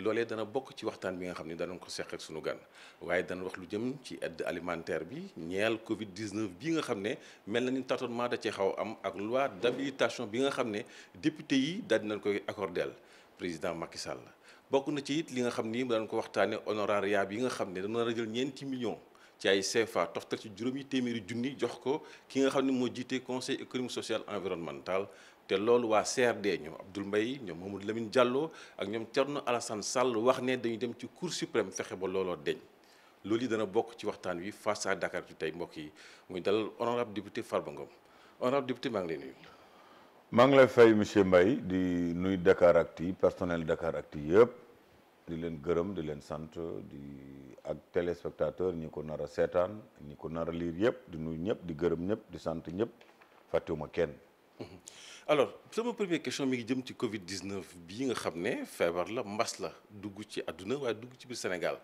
loolee dana bokk ci waxtaan bi nga xam ne danañ ko seq ak sunu gan waaye dana wax lu jëm ci aide alimentaire bi ñeel Covid 19 bi nga xam ne mel na ni tâtonnement da cee xaw am ak loi d'habilitation bi nga xam ne député yi daal dinañ koy accordeel président Macky Sall bokk na ci it li nga xam ni danañ ko waxtaanee honorariat bi nga xam ne dana la jël ñeenti million ci ay CFA toftal ci juróom juróomi téeméeri junni jox ko ki nga xam ne moo jiite conseil économique social environnemental té loolu wa CRD ñoom Abdoul Mbaye ñom Mamoud Lamine Diallo ak ñom Thierno Alassane Sall wax né dañu dem ci Cour suprême fexe ba looloo deñ loolu yi dana bok ci waxtaan wi face à Dakar ci tay mbokk yi muy dal honorable député Farba Ngom honorable député maa ngi lay nuyu. maa ngi lay fay monsieur Mbaye di nuy Dakar acti personnel Dakar acti yépp di leen gërëm di leen sant di ak téléspectateur ñi ko nara a ñi ko nara lire yépp di nuy ñëpp di gërëm ñëpp di sant ñëpp fàttewuma kenn. Mhm alors sama première question mi ngi jëm ci Covid 19 bien nga xam ne feebar la mbas la dugg ci àdduna waaye dugg ci Sénégal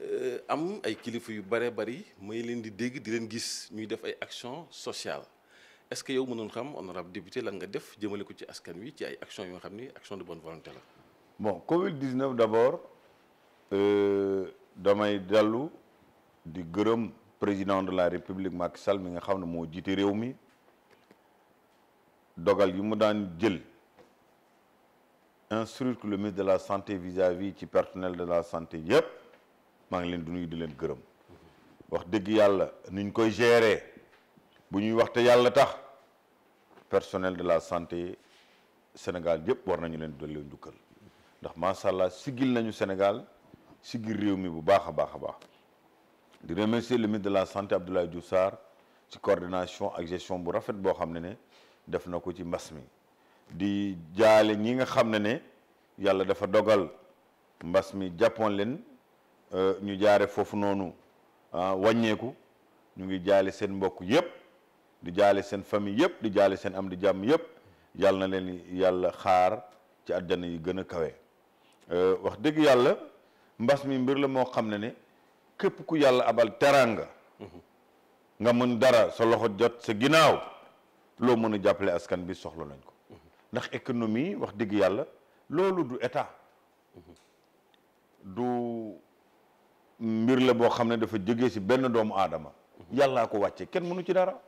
euh, am ay kilifa yu bare bari may leen di dégg di leen gis ñuy def ay actions sociales est-ce que yow mënoon xam honorable député lan nga def jëmale ko ci askan wi ci ay actions yoo action de bonne volonté la. bon Covid 19 d'abord euh, damay dellu di grand président de la république Macky Sall mi nga xam ne moo jiite dogal yi mu daan jël instruire que le ministre de la santé vis-à-vis ci personnel de la santé yépp maa ngi leen di nuyu di leen gërëm wax dëgg yàlla niñ koy gérer bu ñuy wax te yàlla tax personnel de la santé Sénégal yépp war nañu leen dolli njukkal ndax macha allah sigil nañu Sénégal sigil réew mi bu baax a baax a baax di remercier le ministre de la santé Abdoulaye diou Sarr ci coordination ak gestion bu rafet boo xam ne ne. def na ko ci mbas mi di jaale ñi nga xam ne ne yàlla dafa dogal mbas mi jàppoon leen euh, ñu jaare foofu noonu ah, wàññeeku ñu ngi jaale seen mbokk yëpp di jaale seen famille yëpp di jaale seen am di jàmm yëpp yàlla na leen yàlla xaar ci àjjana yi gën a kawe euh, wax dëgg yàlla mbas mi mbir la moo xam ne ne képp ku yàlla abal teraanga mm-hmm. nga mën dara sa loxo jot sa ginnaaw loo mën a jàppale askan bi soxla nañ ko ndax économie wax dëgg yàlla loolu du état du mbir la boo xam ne dafa jógee si benn doomu aadama yàllaa ko wàcce kenn mënu ci dara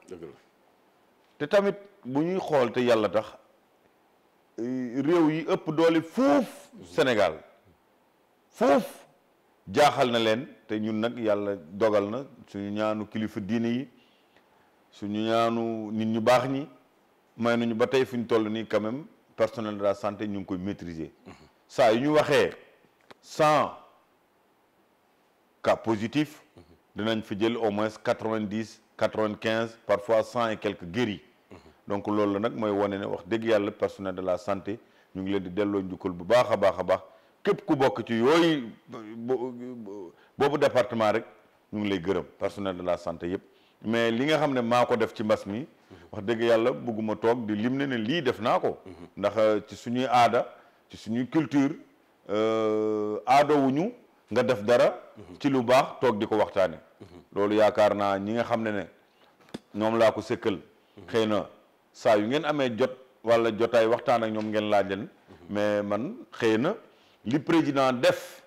te tamit bu ñuy xool te yàlla tax réew yi ëpp doole foof Sénégal foof jaaxal na leen te ñun nag yàlla dogal na suñu ñaanu kilifa diine yi Si nous, avons ñu des nous nous personnel de la santé ñu nous maîtriser cas positifs, nous avons au moins 90, 95, parfois 100 et quelques guéris donc loolu nous avons des personnel de la santé nous les fait la bu département personnel de la santé mais li nga xam ne maa ko def ci mbas mi wax dëgg yàlla bëgguma toog di lim ne ne lii def naa ko ndax euh, ci suñuy aada ci suñuy culture euh, aada wuñu nga def dara ci lu baax toog di ko waxtaane loolu yaakaar naa ñi nga xam ne ne ñoom laa ko sëkkal xëy na saa yu ngeen amee jot wala jotaay waxtaan ak ñoom ngeen laa leen mais man xëy na li président def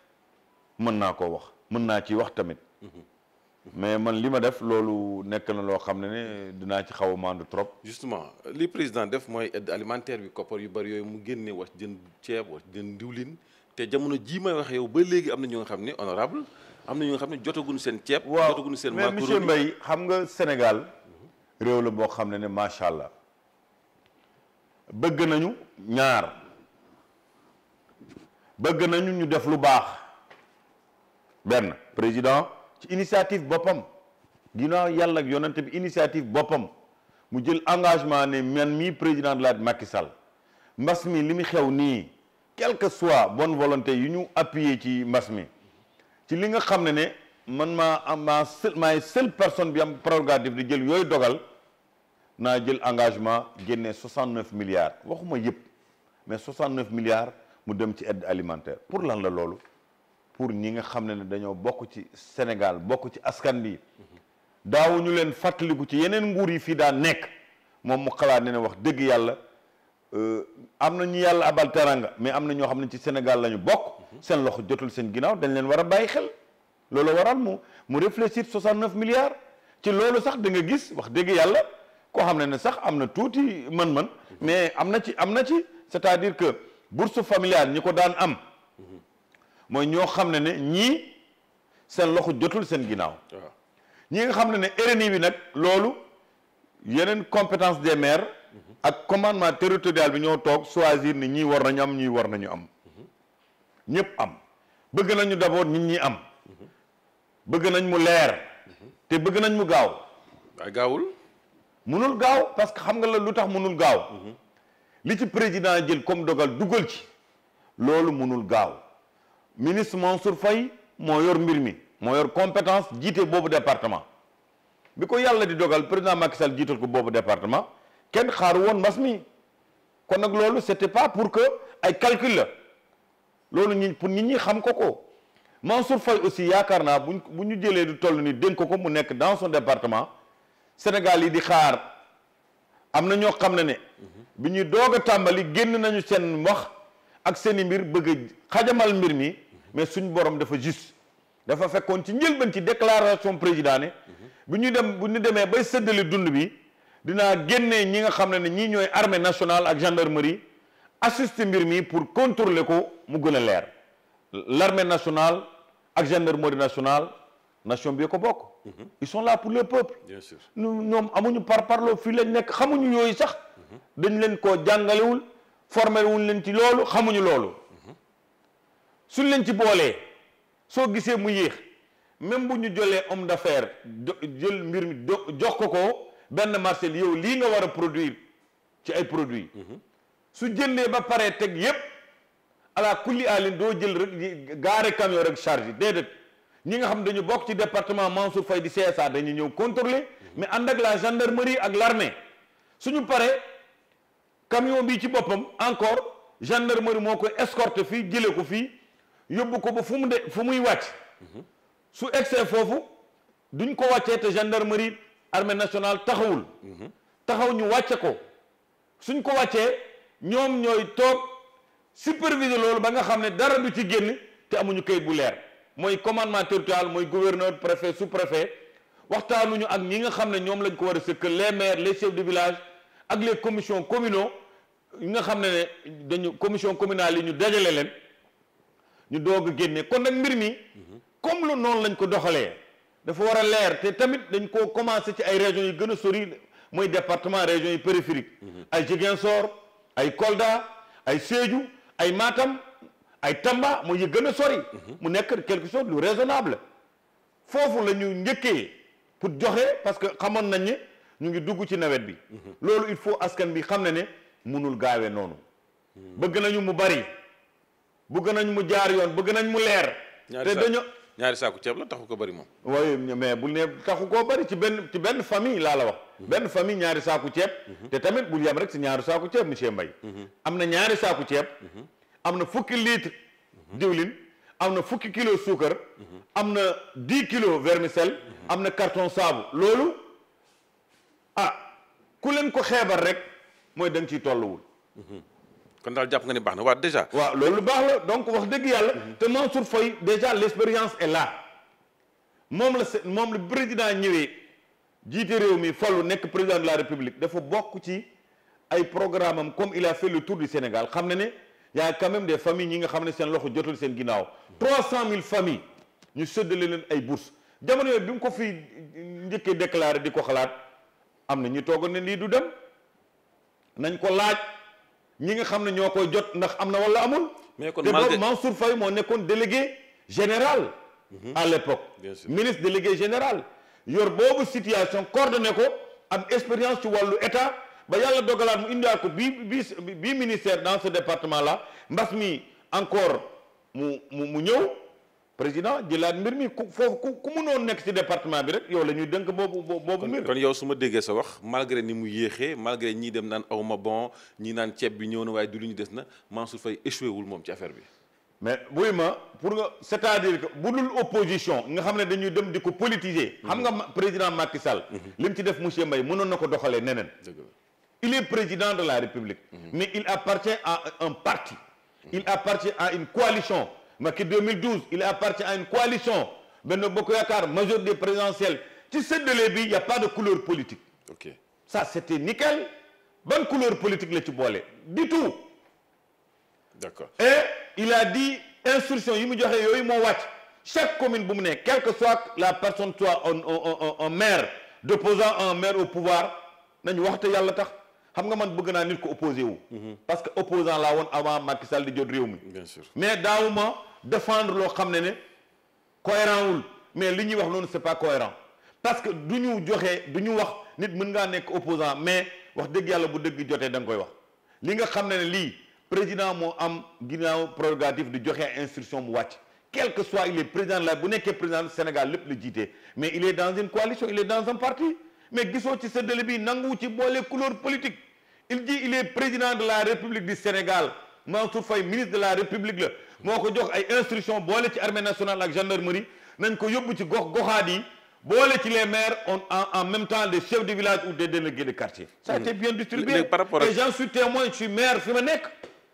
mën naa ko wax mën naa ci wax tamit mais man li ma def loolu nekk na loo xam ne ne dinaa ci xaw a maandu trop. justement li président def mooy aide alimentaire bi koppar yu bari yooyu mu génne wax jën ceeb wax jën diwlin te jamono jii may wax yow ba léegi am na ñoo xam ne honorable am na nga xam ne jotaguñu seen ceeb. jotaguñu seen macaroni mais monsieur Mbaye xam nga Sénégal réew la boo xam ne ne macha allah bëgg nañu ñaar bëgg nañu ñu def lu baax benn président. ci initiative boppam ginnaaw yàlla ak yonante bi initiative boppam mu jël engagement ne man mii président de la Macky mbas mi li mu xew nii quelque soit bonne volonté yu ñu appuyer ci mbas mi ci li nga xam ne ne man ma am maa seul maay seule personne bi am prérogative di jël yooyu dogal naa jël engagement génne 69 milliards waxuma yëpp mais 69 milliards mu dem ci aide alimentaire pour lan la loolu pour ñi nga xam ne ne dañoo bokk ci Sénégal bokk ci askan bi daawuñu leen fàttaliku ci yeneen nguur yi fii daan nekk moom mu xalaat ne ne wax dëgg yàlla euh, am na ñu yàlla abal teranga mais am na ñoo xam ne ci Sénégal la ñu bokk seen loxo jotul seen ginnaaw dañu leen war a bàyyi xel loolu waral mu mu réfléchir 69 milliards ci loolu sax da nga gis wax dëgg yàlla koo xam ne ne sax am na tuuti mën man mais am na ci am na ci c'est-à-dire que bourse familiale ñi ko daan am moy ño xamne ne ñi ñii seen sen jotul seen ginaaw ñi nga xamne ne erreni yenin bi nak lolu yenen compétence des maires mhm. ak commandement territorial bi ño tok choisir ni ñi war nañu am ñi war nañu am mhm. ñepp am bëgg nañu dabo nit ñi am mhm. bëgg nañ mu leer te bëgg nañ mu gaaw ay gaawul munul gaaw parce que xam nga la lutax mënul munul gaaw li ci président jël comme dogal dugal ci lolu munul gaaw ministre Mansour Faye moo yor mbir mi yor compétence jiite boobu département bi ko yàlla di dogal président Macky Sall jiital ko boobu département ken xaaru woon Quand on kon nag c'était pas pour que ay calcul la loolu pour nit ñi xam koko. Mansour Faye aussi yaakaar na, buñ bu ñu du toll ni d'en ko ko mu dans son département Sénégal yi di xaar amna na ñoo xam ne ne bi ñuy doog a tàmbali génn nañu seen wax ak sen mbir bëgg xajamal mais suñ borom dafa juste dafa fekkon ci njëlbeen ci déclaration président ne bu ñu dem bu ñu demee bay séddale dund bi dina génné ñi nga xamné ne ne ñii armée nationale ak gendarmerie assister mbir mi pour contrôler ko mu gëna a l'armée nationale ak gendarmerie nationale nation bi ko bokk mhm. ils sont là pour le peuple bien sûr ñoom amuñu par parlo fi lañ nekk xamuñu yoy sax mhm. dañ leen koo jàngalewul formé wuñ leen ci loolu xamuñu loolu suñ leen ci boolee soo gisee mu yéex même bu ñu jolee homme d'affaires jël mbir mi do jox ko ko benn marché yow lii nga war a produire ci ay produits. Mhm. su jëndee ba pare teg yépp ala kulli alin doo jël rek gaare camion rek charge déedéet ñi nga xam dañu bokk ci département Mansour Faye di CSA dañu ñëw contrôler mhm. mais ànd ak la gendarmerie ak l'armée suñu paree camion bi ci boppam encore gendarmerie moo ko escorte fii jëlee ko fii yóbbu ko ba fu mu de fu muy wàcc su egsee foofu duñ ko wàccee te gendarmerie armée nationale taxawul taxaw ñu wàcce ko suñ ko wàccee ñoom ñooy toog superviser loolu ba nga xam ne dara du ci génn te amuñu kayit bu leer mooy commandement territorial mooy gouverneur préfet sous préfet waxtaanuñu ak ñi nga xam ne ñoom lañ ko war a sëkk les maires les chef de village ak les commission communaux yi nga xam ne ne dañu commission communale yi ñu dajale leen ñu doog a génne kon nag mbir mi comme lu noonu lañ ko doxalee dafa war a leer te tamit dañ koo commencé ci ay régions yu gën a sori mooy département régions yi périphériques mhm. ay sor ay Kolda ay Sédhiou ay maatam ay Tamba mooy yu gën a sori mhm. mu nekk quelque chose lu raisonnable foofu la ñu njëkkee pour joxe parce que xamoon nañ ne ñu ngi dugg ci nawet bi mhm. loolu il faut askan bi xam ne ne munul gaawee noonu bëgg nañu mu bari bëgg nañ mu jaar yoon bëgg nañ mu leer. te dañu ñaari saaku ceeb la taxu ko bari moom. waaye mais bu ne taxu koo bari ci benn ci benn famille laa la wax. Mhm. benn famille ñaari saaku ceeb. Mhm. te tamit bul yem rek si ñaari saaku ceeb monsieur Mbaye. Mhm. am na ñaari saaku ceeb. am na fukki litre. diwlin am na fukki kilo suukar. am na dix kilos vermicelle. am na carton saabu loolu ah ku leen ko xeebal rek mooy da ciy tolluwul. kon daal jàpp nga ni baax na déjà. waaw loolu baax la donc wax dëgg yàlla. Mhm. te Mansour Faye déjà l'expérience est là moom la moom la président ñëwee jiite réew mi falu nekk président de la république dafa bokk ci ay programme comme il a fait le tour du Sénégal xam né ne y' a quand même des familles ñi nga xamné ne seen loxo jotul seen ginnaaw. 300000 familles ñu séddale leen ay bourses jamono bi mu ko fi njëkkee déclaré di ko xalaat am na ñu toogoon ne lii du dem nañ ko laaj ñi nga xam délégué général. Mhm. à l'époque ministre délégué général. yor bobu situation coordonné ko am expérience ci walu état ba yalla mu dans ce département là encore président jëlaat la mirmi ku foofu ku ku mënoon ci département bi rek yow lañuy ñuy dënk bobu boobu mbir kon yow suma déggé sa wax malgré ni mu yéxé malgré ñi dem nan aw bon ñi nan ceeb bi ñëw na waaye du lu ñu des na Mansour fay échoué wul mom ci affaire bi mais buy ma pour nga c'est-à-dire que bu dul opposition nga xamné dañuy dem diko politiser xam nga président Macky Sall mhm. lim ci def monsieur Mbaye mënon nako doxalé doxalee il est président de la République mhm. mais il appartient à un parti mhm. il appartient à une coalition en 2012 il appartient à une coalition Benno Bokoyakar, yakar des présidentielles de séddale il n'y a pas de couleur politique. ok ça c'était nickel Bonne couleur politique les ci du tout. D'accord. et il a dit instruction il me dit, il chaque commune quelle que soit la personne soit un en un maire d'opposant un maire au pouvoir je waxte dit, tax. xam nga man opposé mhm. parce que opposant là avant Macky Sall di bien sûr mais dans moment, défendre leur xam ne cohérent mais ce qu'on wax c'est pas cohérent parce que nous, ne sommes pas nous wax nit mën opposant mais wax dëgg yàlla bu dëgg jotee da nga koy wax li nga xam président de am ginnaaw prorogatif di joxe instruction mu quel que soit il est président la bu le président du Sénégal le plus jité mais il est dans une coalition il est dans un parti mais gisoo ci séddale bi nanguwu ci les couleurs politiques il dit il est président de la République du Sénégal Mansour Faye ministre de la République moko jox ay instruction bolé ci armée nationale ak gendarmerie nañ ko yóbbu ci gox goxaat bolé ci les maires en même temps des chefs de village ou des délégués de quartier. ça a mmh. été bien distribué et j'en suis témoin je suis maire fi ma nekk.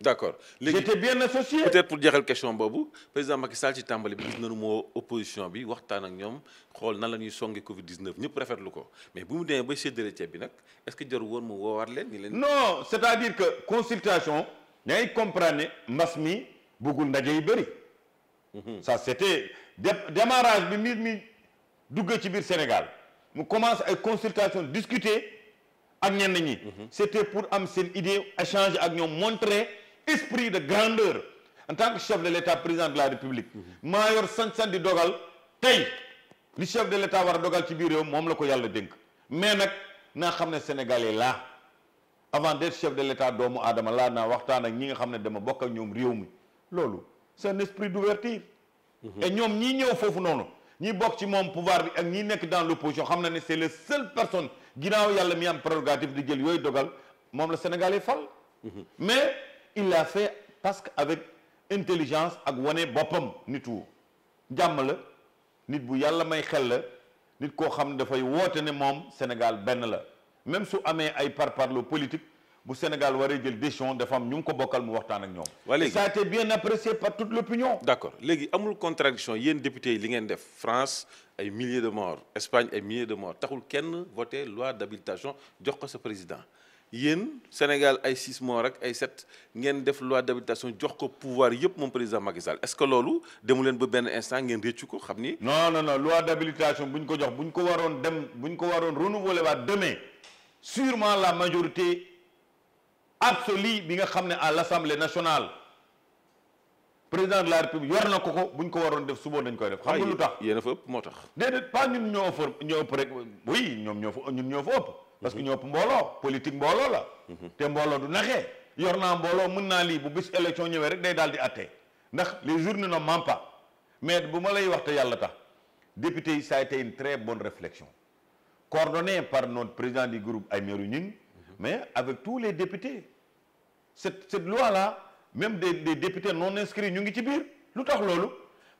D'accord. j'étais bien associé. peut être pour dire une question bobu président Macky Sall ci tambali bi gis nañu moo opposition bi waxtaan ak ñom xol nan la songé Covid 19 ñëpp le ko mais bu mu demee bay de ceeb bi nak est ce que jor woon mu woowaat leen. ni leen non cest à dire que consultation. vous comprenez, comprendre Mhm. ça c'était démarrage de Sénégal mu commence discuter avec les gens. c'était pour amener idée échanger montrer esprit de grandeur en tant que chef de l'État président de la République mhm. Major yor San di dogal chef de l'État war dogal ci biir mais avant d'être chef de l'État doomu loolu c'est un esprit d'ouverture mhm. et ñom ñi ñëw foofu noonu ñi bok ci mom pouvoir bi ak ñi nek dans l'opposition xam na ne c'est le seule personne ginaaw yalla mi am prérogative di jël yoy dogal mom la Sénégalais fal mhm. mais il l'a fait parce que avec intelligence ak woné bopam nitu jamm la nit bu yalla may xel la nit ko xam da fay woote ne mom Sénégal ben la même su amé ay parparlo politique bu Sénégal waree jël des dafa am ñu nous ko bokkal mu ak ça a été bien apprécié par toute l'opinion. d'accord pas amul contradiction Vous, député députés, li ngeen def France ay milliers de morts Espagne ay milliers de morts taxul kenn voté loi d'habilitation jox ko président. Vous, Sénégal ay 6 morts rek ay vous faites la loi d'habilitation jox le pouvoir yëpp mon président Macky est-ce que loolu demu leen ba un instant vous réccu ko non non non loi d'habilitation si vous ko dem renouveler demain sûrement la majorité absolue bi nga xamné à l'Assemblée nationale président de la République yor ko ko ko dit, def vous dañ koy def. Vous a pas ñun ñoo ñoo rek oui ñom ñoo ñun ñoo parce que ñoo que politique mbolo la. vous mhm. mbolo du que yor avez dit mën bu bis élection avez rek day vous di ndax les journaux ne ment pas mais bu ma lay wax député ça a été une très bonne réflexion coordonnée par notre président du groupe mais avec tous les députés. Cette, loi-là, même des, députés non inscrits, nous sommes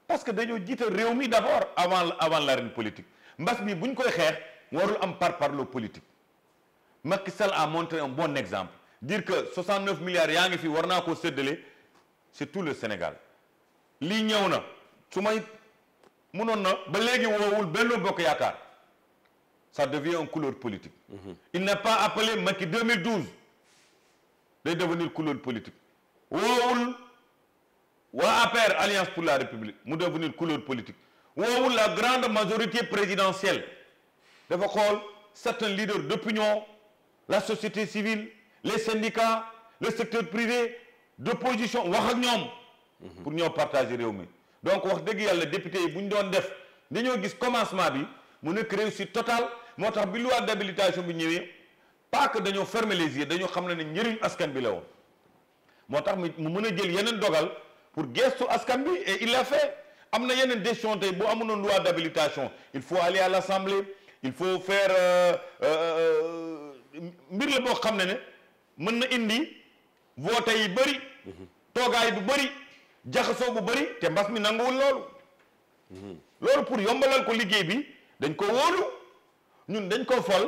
Parce que nous avons réunis d'abord avant, avant l'arène politique. Si Nous avons pas par par politique. Macky Sall a montré un bon exemple. Dire que 69 milliards, c'est tout le Sénégal. Ce c'est que nous avons ça devient une couleur politique. Il n'a pas appelé Maki 2012 de devenir couleur politique. wa aper Alliance pour la République, nous devenir couleur politique. Wououl, la grande majorité présidentielle, certains leaders d'opinion, la société civile, les syndicats, le secteur privé, d'opposition, pour nous partager Donc, on a dit que les députés, nous avons fait le commencement, nous avons réussite total motax bi loi d'habilitation bi ñëwé pas que dañoo fermer les yeux dañu xam na ne njëriñ askan bi la woon motax mu mëna a jël yenen dogal pour gestu askan bi et il l'a fait amna yenen yeneen décision tey boo amuloon loi d'habilitation il faut aller à l'assemblée il faut faire euh, euh, euh, mbir la boo xam ne mën na indi vote yi bari togaay bu bari jaxaso bu bari té mbass mi nanguwul loolu mhm. loolu pour yombalal ko liggéey bi dañ ko wolu ñun dañ ko fal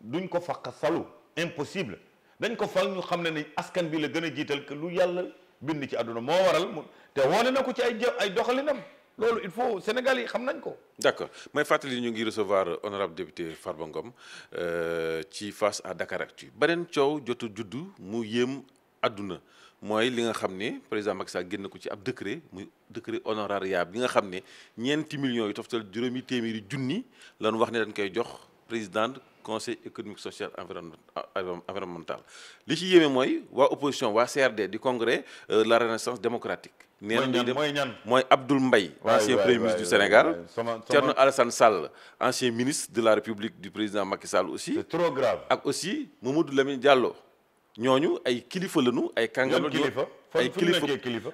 duñ ko faq falu impossible dañ ko fal ñu xam ne ni askan bi la gën a jiital que lu yàlla bind ci aduna moo waral mu te wane na ko ci ay jë ay doxalinam loolu il faut Sénégal yi xam nañ ko. d' accord may fàttali ñu ngi recevoir honorable député Farba Ngom euh, ci face à Dakar Actu beneen coow jotu juddu mu yéem aduna mooy li nga xam ne président Macky Sall génn ko ci ab décret muy décret honorariat bi nga xam ne ñeenti millions yu toftal juróomi téeméeri junni lan wax ne dañ koy jox du conseil économique social environnemental li le CRD du congrès euh, la renaissance démocratique. Abdoul ancien premier ministre du Sénégal. Alassane Sall ancien ministre de la République du président Macky Sall aussi. c'est trop grave Et aussi Mamadou Lamine Diallo. Nous ay kilifa nous, ay des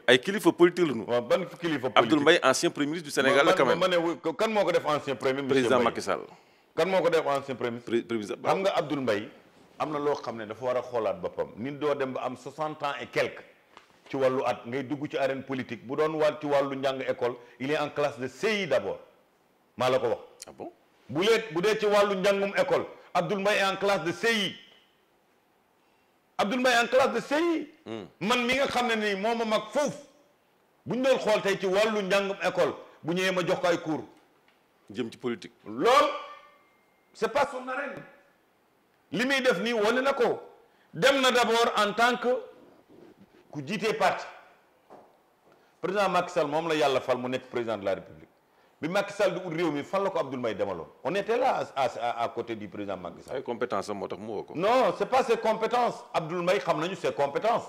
ay politique Abdoul ancien premier ministre du Sénégal quand même. président kan moo ko def ancien premier ministre xam nga Abdoul Mbaye am na loo xam ne dafa war a xoolaat boppam nit doo dem ba am 60 ans et quelques ci wàllu at ngay dugg ci arène politique bu doon wàll ci wàllu njàng école il est en classe de CI d' abord maa la ko wax. ah bon bu leet bu dee ci wàllu njàngum école Abdoul Mbaye est en classe de CI Abdoul Mbaye en classe de CI. Hmm. man mi nga xam ne nii moom ma mag foofu bu ñu doon xool tey ci wàllu njàngum école bu ñëwee ma jox ko ay cours. jëm ci politique. lool. c'est pas son arène li muy def c'est wane na d'abord en tant que ku jiitee parti président Macky Sall moom la yàlla fal mu président de la république bi Macky Sall di ut où mi fan la ko on était là à à côté du président Macky Sall. ay compétences am moo mu woo non c'est pas ses compétences Abdoul Mbaye ses compétences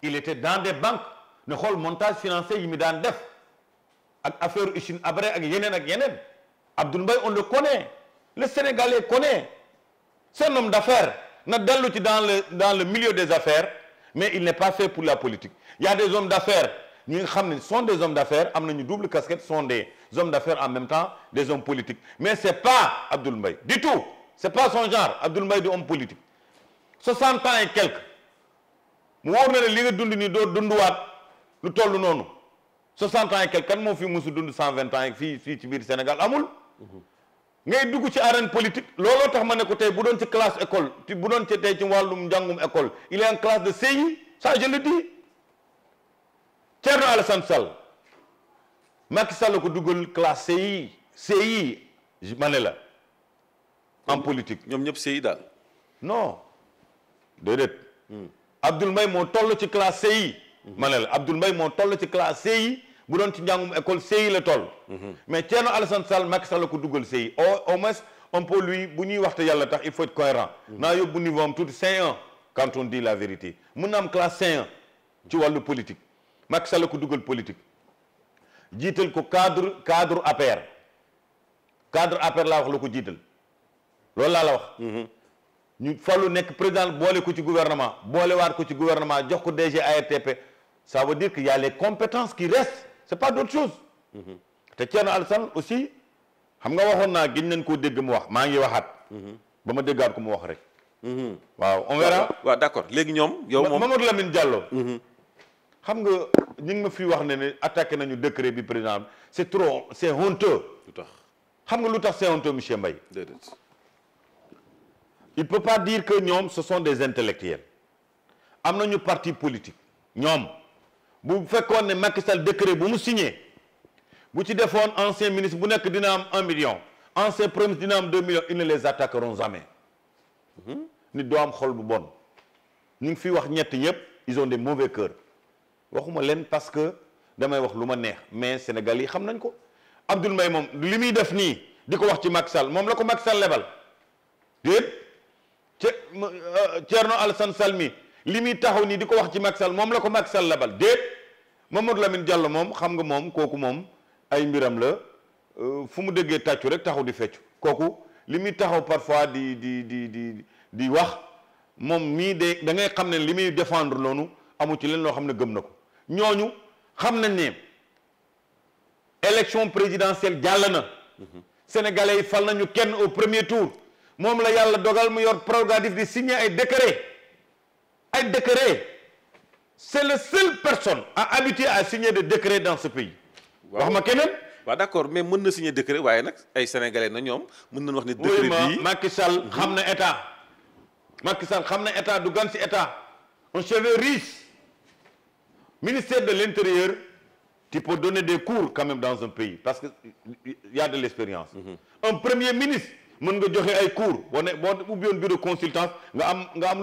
il était dans des banques ne le montage financier yi était fait. def ak affaire Uchine Abré ak on le connaît le Sénégalais connaît. C'est un homme d'affaires. Dans le, dans le milieu des affaires, mais il n'est pas fait pour la politique. Il y a des hommes d'affaires. Nous sont des hommes d'affaires, amener une double casquette, sont des hommes d'affaires en même temps, des hommes politiques. Mais ce n'est pas Abdoul Mbaye, du tout. Ce n'est pas son genre, Abdoul Mbaye, de homme politique. 60 ans et quelques. Je sais le nous 60 ans et quelques. Quand je suis 120 ans, venu au Sénégal, amul. Mhm. ngay dugg ci arène politique looloo tax ma ne ko tey bu doon ci classe école bu doon ci tey ci wàllum njàngum école il est en classe de CI ça je le dis Thierno Alassane Sall Macky Sall ko dugal classe CI CI ma ne la en politique ñoom ñëpp CI daal non déedéet hmm. Abdoul Mbaye moo toll ci classe CI ma ne la Abdoul Mbaye moo toll ci classe CI budon doon ci njàngum école CI la toll. Mhm. mais Thierno Alassane Sall mak Sall ko duggal CI au au moins on peut lui bu waxta yalla tax il faut être cohérent mhm. na yobou niveau tout tuuti quand on dit la vérité mun na classe c Tu ci le politique mak Sall ko duggal politique jiital ko cadre cadre APR cadre APR la wax la ko jiital loolu laa la wax. Mhm. ñu fallu nek président bolé ko ci gouvernement voir ko ci gouvernement jox ko DG ARTP ça veut dire qu'il y a les compétences qui restent c'est pas d'autre chose te Thierno alsan aussi xam nga waxon na gën nañ ko dégg mu wax ma ngi waxat ba ma déggaat ko mu wax rek waaw on verra wa d'accord légui ñom yow mom Mamadou Lamine Diallo mhm. xam nga ñing ma fi wax né attaqué nañu décret bi président c'est trop c'est honteux lutax xam nga lutax c'est honteux monsieur Mbaye il peut pas dire que ñom ce sont des intellectuels amna ñu parti politique ñom vous faites ne Macky décret vous mu signé bu ancien ministre bu que dina un million ancien premier ministre dina am millions ils ne les attaqueront jamais mhm. Nous devons am xol ils ont des mauvais cœurs waxuma l'aime parce que damay wax mais sénégalais yi xam nañ ko Macky Sall li ni wax ci Macky Sall la ko labal Mamadou Lamine Diallo mom xam nga mom ay mbiram la euh, rek di limi taxaw parfois di di di di di wax mom mi de da ngay xamné ne défendre amu ci élection présidentielle jallana mhm. sénégalais yi au premier tour mom la yalla dogal mu yor di signer ay décret décret c'est la seule personne à habiter à signer des décrets dans ce pays. d'accord mais mën peut signer décret décrets, nag ay sénégalais na ñoom mën des wax décret oui ma Macky Sall mhm. xam état. Macky Sall xam l'État, état du gan état un cheveu riche ministère de l'intérieur tu peux donner des cours quand même dans un pays parce que y a de l'expérience. Mhm. un premier ministre mën nga donner ay cours ou ne boo bureau de consultance nga am nga am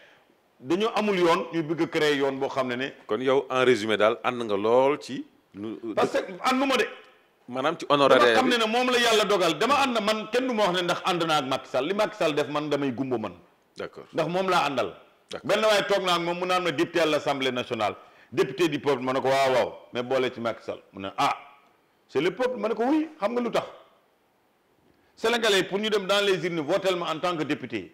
dañu amul yoon ñu bëgg créer yoon boo xam ne ne. kon yow en résumé daal ànd nga lool ci. parce que ànduma de. manam ci honoraire dama xam ne ne moom la yàlla dogal dama ànd man kenn du ma wax ne ndax ànd naa ak Macky Sall li Macky Sall def man damay gumbu man. d'accord ndax moom laa àndal. benn waaye toog naa ak moom mu naan ma député à l'Assemblée nationale député du peuple ma ne ko waaw waaw mais boole ci Macky Sall mu ne ah c'est le peuple ma ne ko oui xam nga lu tax sénégalais pour ñu dem dans les urnes votel ma en tant que député.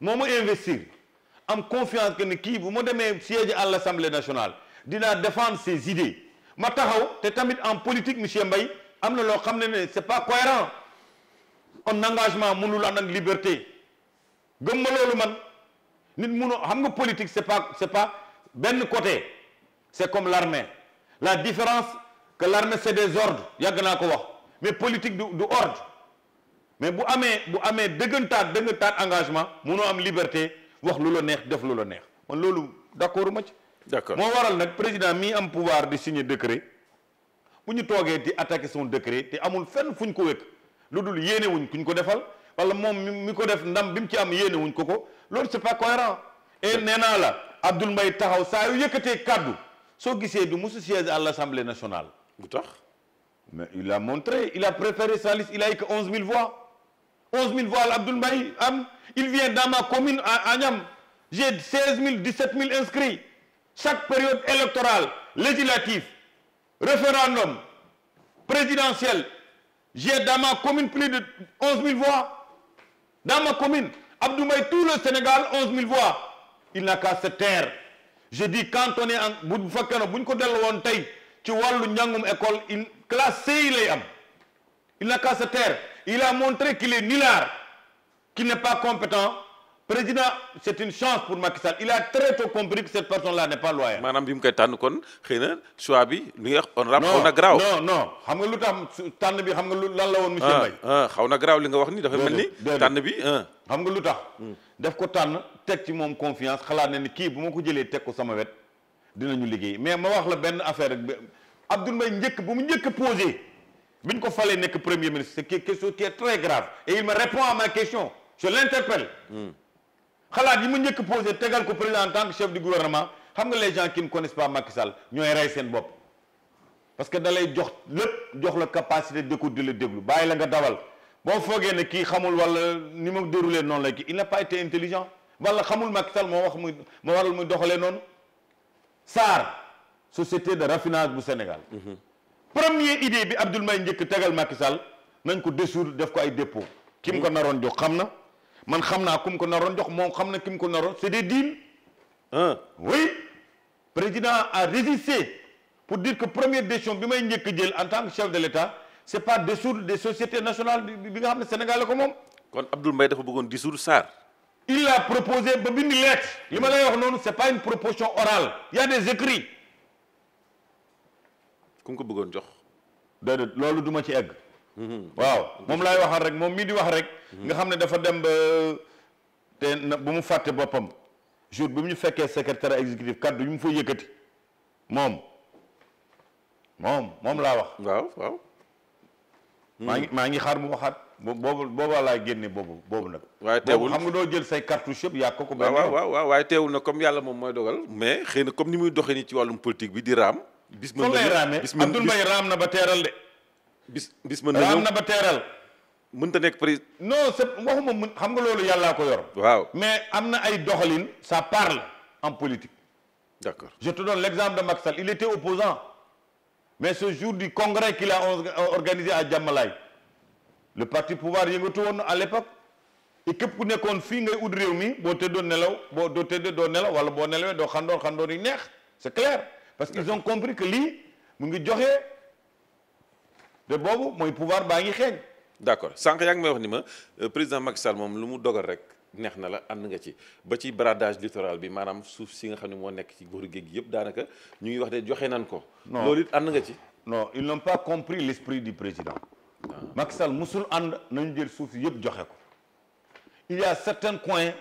moo investir am confiance que ne kii bu ma siège à l'Assemblée nationale dinaa défendre ses idées ma taxaw te tamit en politique monsieur Mbaye am le loo c'est pas cohérent un engagement mënul ànd ak liberté gëm ma man nit mënoo xam nga politique c'est pas c'est pas ben côté c'est comme l'armée la différence que l'armée c'est des ordres y a que wax mais politique du ordre mais bu amé bu amé deugentat deugentat engagement munoo am liberté wax lu neex def lu neex man lolu d'accord ma ci. d'accord mo waral nak président mi am pouvoir di signer décret bu ñu toogee di attaquer son décret té amul fenn fuñ ko wék lu dul yéene wuñ kuñ ko defal wala mom mi ko def ndam bim ci am yéene wuñ ko ko c'est pas cohérent et nee la Abdoul Mbaye taxaw sa yu yëkkatee kàddu soo gisee du mosu siège à l'Assemblée nationale. lu mais il a montré il a préféré sa liste il a eu que onze mille voix. 11 000 voix à am. Il vient dans ma commune à Agnam. J'ai 16 000, 17 000 inscrits. Chaque période électorale, législative, référendum, présidentiel, j'ai dans ma commune plus de 11 000 voix. Dans ma commune, Abdoulaye, tout le Sénégal, 11 000 voix. Il n'a qu'à se taire. Je dis, quand on est en... bu fekkee ne ko école classe il n'a qu'à se taire il a montré qu'il est nulard, qu'il n'est pas compétent. Président, c'est une chance pour Macky Sall. Il a très tôt compris que cette personne-là n'est pas loyale. Madame Bimke Tan, kon, xeyna choix bi ñu wax on rap on a Non non, xam nga lu tax tan bi xam nga lan la woon monsieur ah, Mbaye. Ah, xawna graw li nga wax ni dafa melni tan bi hein. Xam nga lu tax hmm. daf ko tan tek ci mom confiance xalaat na ni kii bu ko jëlee teg ko sama wet dinañu liggéey mais ma wax la benn affaire Abdoul Mbaye njëkk bu mu njëkk bi ne ko falee que premier ministre c'est quelque chose qui est très grave et il me répond à ma question je l'interpelle xalaat yi ma pose posé tegal ko président en tant que chef du gouvernement xam les gens qui ne connaissent pas Macky Sall on est seen bopp parce que da lay jox lépp jox la capacité d'écoute de le déglu bàyyi la nga dawal boo foogee ne kii xamul wala ni déroulé il n'a pas été intelligent Voilà, xamul Macky Sall moo wax muy moo waral muy SAR société de raffinage du Sénégal mhm première idée bi Abdoul Mbaye njëkk tégal makissal Sall nañ ko dissoudre def ko ay dépôt kim ko naroon jox xamna man xamna kum ko naroon jox mo xamna kim ko naroon c'est des hein oui président a résisté pour dire que première décision bi may njëkk djel en tant que chef de l'État c'est pas dissoudre des sociétés nationales bi nga xam Sénégal ko mom kon Abdoul Mbaye dafa bëggoon dissoudre SAR il a proposé ba bind lettre lima lay wax noonu c'est pas une proposition orale il y a des écrits ku ko bëggoon jox. déedéet loolu duma ci egg. Mhm. waaw moom laay waxal rek moom mii di wax rek. nga xam ne dafa dem ba te bu mu fàtte boppam jour bi mu ñu fekkee secrétaire exécutif kaddu yu mu fa yëkkati moom moom moom laa wax. waaw waaw. maa ngi maa ngi xaar mu waxaat. boobu booba laay génne boobu boobu nag. waaye teewul xam nga doo jël say cartouche ko. ko benn waaw waaw waaye teewul comme yàlla moom mooy dogal. mais xëy na comme ni muy doxee ci wàllum politique bi di raam. bis man lay raamee Abdoul Mbaye na ba teeral de. bis bis na raam na ba teeral. mënut a nekk président. non c'est waxuma mën xam nga loolu yàllaa ko yor. mais Amna na ay doxalin. ça parle en politique. d'accord je te donne l'exemple de Macky il était opposant mais ce jour du congrès qu'il a organisé à Diamalaye le parti pouvoir yëngatu woon à l'époque et képp ku nekkoon fii ngay ut réew mi boo tëddoo nelaw boo doo tëddee doo nelaw wala boo nelawee doo xandoor xandoor c'est clair parce qu'ils ont compris que lii mu ngi pouvoir d'accord Sans rien ngi euh, président Macky Sall moom lu mu dogal rek Petit bradage littoral bi si nga de temps. non ils n'ont pas compris l'esprit du président. Ah. Macky Sall musul ànd nañu jël il y a certains coins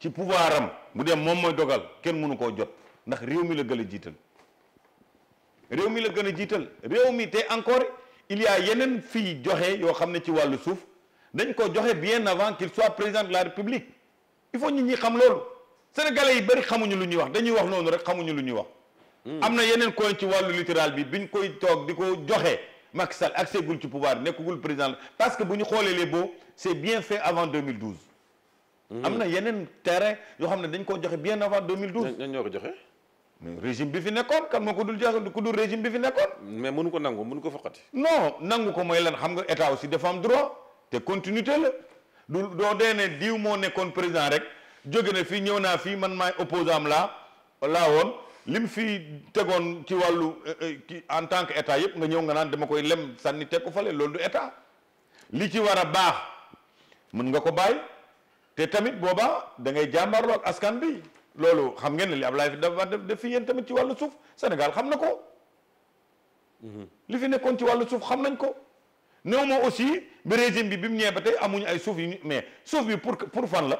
ci pouvoir am bu dogal ndax réew mi la gën a jiital la gën a jiital réew encore il y a yenen fi joxe yoo xam ne ci wàllu suuf dañ ko joxe bien avant qu'il soit président de la république il faut nit ñi xam loolu sénégalais yi bëri xamuñu lu ñuy wax dañuy wax noonu rek xamuñu lu ñuy wax hmm. am na yeneen coin ci wàllu littoral bi biñ koy toog di ko joxe Macky Sall ci pouvoir nekkagul président parce que bu ñu xoolee les baux c'est bien fait avant 2012 Amna yenen yeneen terrain yoo xam dañ ko joxe bien avant 2012 dañ ñoo ko mais régime bi fi nekkoon kan moo ko dul jaaxal ku dul régime bi fi nekkoon. mais munu ko nangu mënu ko foqati. non nangu ko mooy lan xam nga état aussi dafa am droit te continuité la du doo dee ne diw moo nekkoon président rek jóge na fii ñëw naa fii man maay opposant laa laa woon lim fi tegoon ci wàllu euh, euh, en tant que état yëpp nga ñëw nga naan dama koy lem sànni teg ko fale loolu du état li ci war a baax mën nga ko bàyyi te tamit booba da ngay jàmbaarloo askan bi. loolu xam ngeen ne li Ablaye dafa def fi yéen tamit ci walu souf senegal xam nako ko. Mhm. li fi nekkoon ci walu souf xam nañ ko. néew aussi bi régime bi bi mu ñëwee ba tey amuñu ay souf mais souf bi pour pour fan la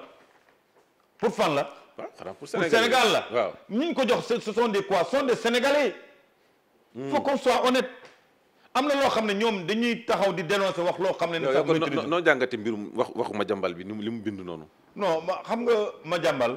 pour fan la. Ah, pour senegal la waaw ñu ñu ko jox ce sont des quoi sont des Sénégalais. Mhm. faut qu'on soit honnête. amna lo xamne ñom dañuy taxaw di dénoncer wax lo xamne ne. ne sax noo jàngate mbirum wax waxu bi limu mu li bind noonu. non xam nga ma jambal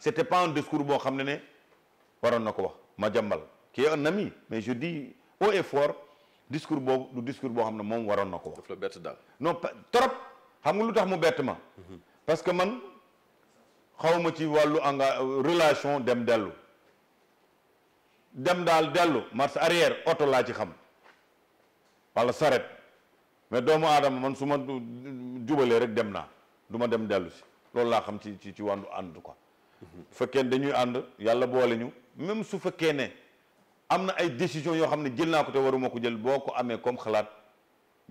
c'était pas un discours bo xamné ne waron nako wax ma jambal ki un ami mais je dis haut et fort discours boobu du discours bo xamné mom waron nako wax. non trop xam nga lutax mu ma. parce que man xawma ci walu anga euh, relation dem delu dem dal delu marche arrière auto la ci xam wala saret mais doomu adam man suma ma rek dem na, du dem delu ci loolu la xam ci ci wandu and quoi. fekkee dañuy ànd yàlla boole ñu même su fekkee ne am na ay décision yoo xam ne jël naa ko te waruma ko jël boo ko amee comme xalaat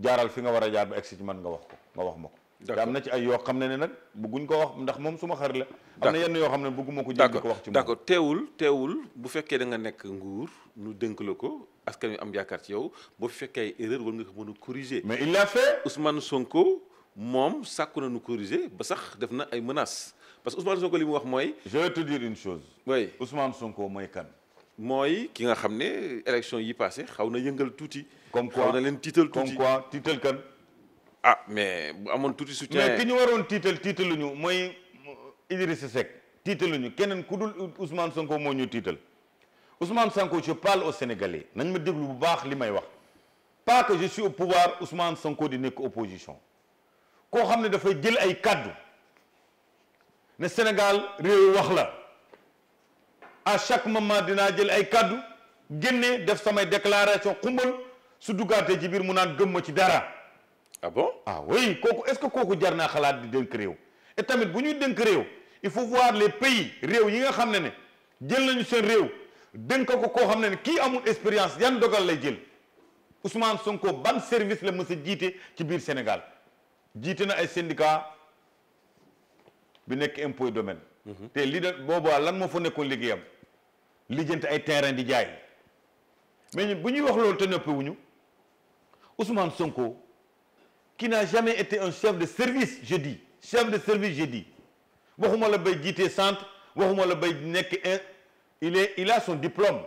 jaaral fi nga war a jaar ba egsi ci man nga wax ko nga wax ma ko te am na ci ay yoo xam ne ne nag bëgguñ ko wax ndax moom suma xarit la am yenn yoo xam ne bëgguma ko jël wax ci moom d'accord teewul teewul bu fekkee da nga nekk nguur ñu dénk la ko askan wi am yaakaar ci yow boo fi fekkee ay erreur war nga ko mën a corriger mais il l'a fait Sonko moom sàkku na nu corriger ba sax def na ay menaces parce que Ousmane Sonko li mu wax mooy. je vais te dire une chose. oui Ousmane Sonko mooy kan. mooy ki nga xam ne élection yi passé xaw na yëngal tuuti. comme quoi xaw na leen tiital tuuti comme quoi tiital kan. ah mais bu amoon tuuti soutien. mais ki ñu waroon tiital tiitaluñu mooy Idrissa Seck tiitaluñu keneen ku dul Ousmane Sonko moo ñu tiital Ousmane Sonko je parle aux Sénégalais nañ ma déglu bu baax li may wax. pas que je suis au pouvoir Ousmane Sonko di nekk opposition koo xam ne dafay jël ay kaddu ne Sénégal Rio wax la à chaque moment de jël ay kàddu génne def samay déclaration son su duggaatee ci biir mu naan gëm ma ci dara. ah bon ah oui est-ce que coco jar naa xalaat di dénk et tamit bu ñuy dénk il faut voir les pays réew yi nga xam ne ne jël nañu seen réew dénk ko koo xam amul expérience yan dogal lay jël Ousmane Sonko ban service le mës a jiite ci Sénégal jiite na ay syndicat bi nekk impôt domaine. Mhm. té li bobo lan mo fa nekkoon liggéeyam lijjanti ay terrain di jaay mais bu wax lolou té noppiwuñu Ousmane Sonko qui n'a jamais été un chef de service je dis chef de service je dis waxuma la bay jité centre waxuma la bay nek un il est il a son diplôme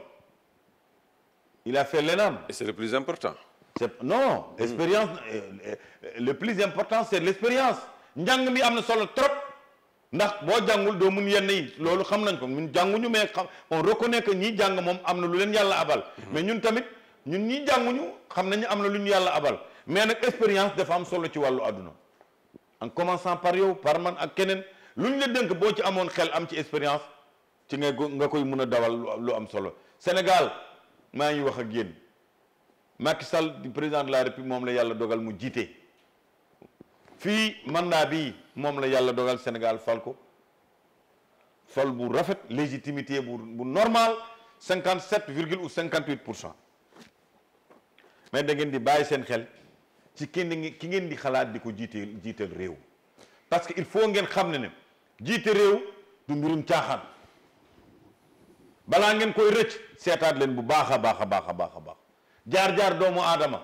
il a fait l'ENAM. et c'est le plus important. c'est non mhm. expérience euh, euh, le plus important c'est l'expérience njàng mi am solo trop. ndax boo jàngul doo mun yenn yi loolu xam nañ ko ñun jànguñu mais xam on reconnaît que ñii jàng moom am na lu leen yàlla abal mais ñun tamit ñun ñii jànguñu xam nañu am na lu ñu yàlla abal mais nag expérience dafa am solo ci wàllu àdduna en commençant par yow par man ak keneen lu ñu la dënk boo ci amoon xel am ci expérience ci nga nga koy mun a dawal lu am solo Sénégal maa ngi wax ak yéen Macky Sall di président de la République moom la yàlla dogal mu jiite fii mandat moom la yàlla dogal Sénégal fal ko fal bu rafet légitimité bu bu normal cinquante sept virgule ou cinquante huit pour cent mais da ngeen di bàyyi seen xel ci kenn ki ngeen di xalaat di ko jiiteel jiital réew parce que il faut ngeen xam ne ne jiite réew du mbirum caaxaan balaa ngeen koy rëcc seetaat leen bu baax a baax a baax a baax a baax jaar-jaar doomu aadama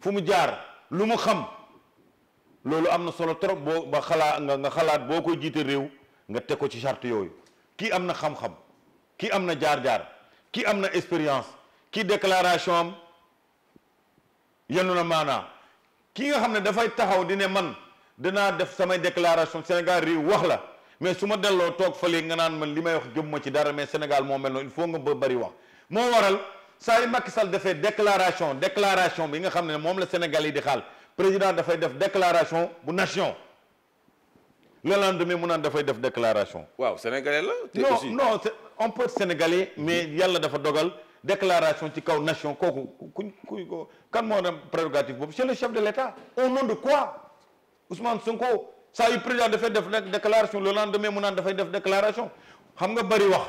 fu mu jaar lu mu xam loolu am na solo trop boo ba xalaat nga nga xalaat boo koy jiite réew nga teg ko ci charte yooyu kii am na xam-xam kii am na jaar-jaar kii am na expérience kii déclaration am yenu na maanaa kii nga xam ne dafay taxaw di ne man danaa def samay déclaration Sénégal réew wax la mais su ma delloo toog fële nga naan man li may wax jëm ma ci dara mais Sénégal moo mel noonu il nga ba bari wax moo waral saa yu Macky Sall defee déclaration déclaration bi nga xam ne moom la Sénégal yi di président fait une déclaration la nation le lendemain il a fait une déclaration. Wow, sénégalais non on peut être sénégalais mais mm-hmm. y dafa dogal déclaration ci la nation c'est le chef de l'État au nom de quoi Ousmane Sonko ça. le président fait une déclaration le lendemain il a fait une déclaration xam nga bari wax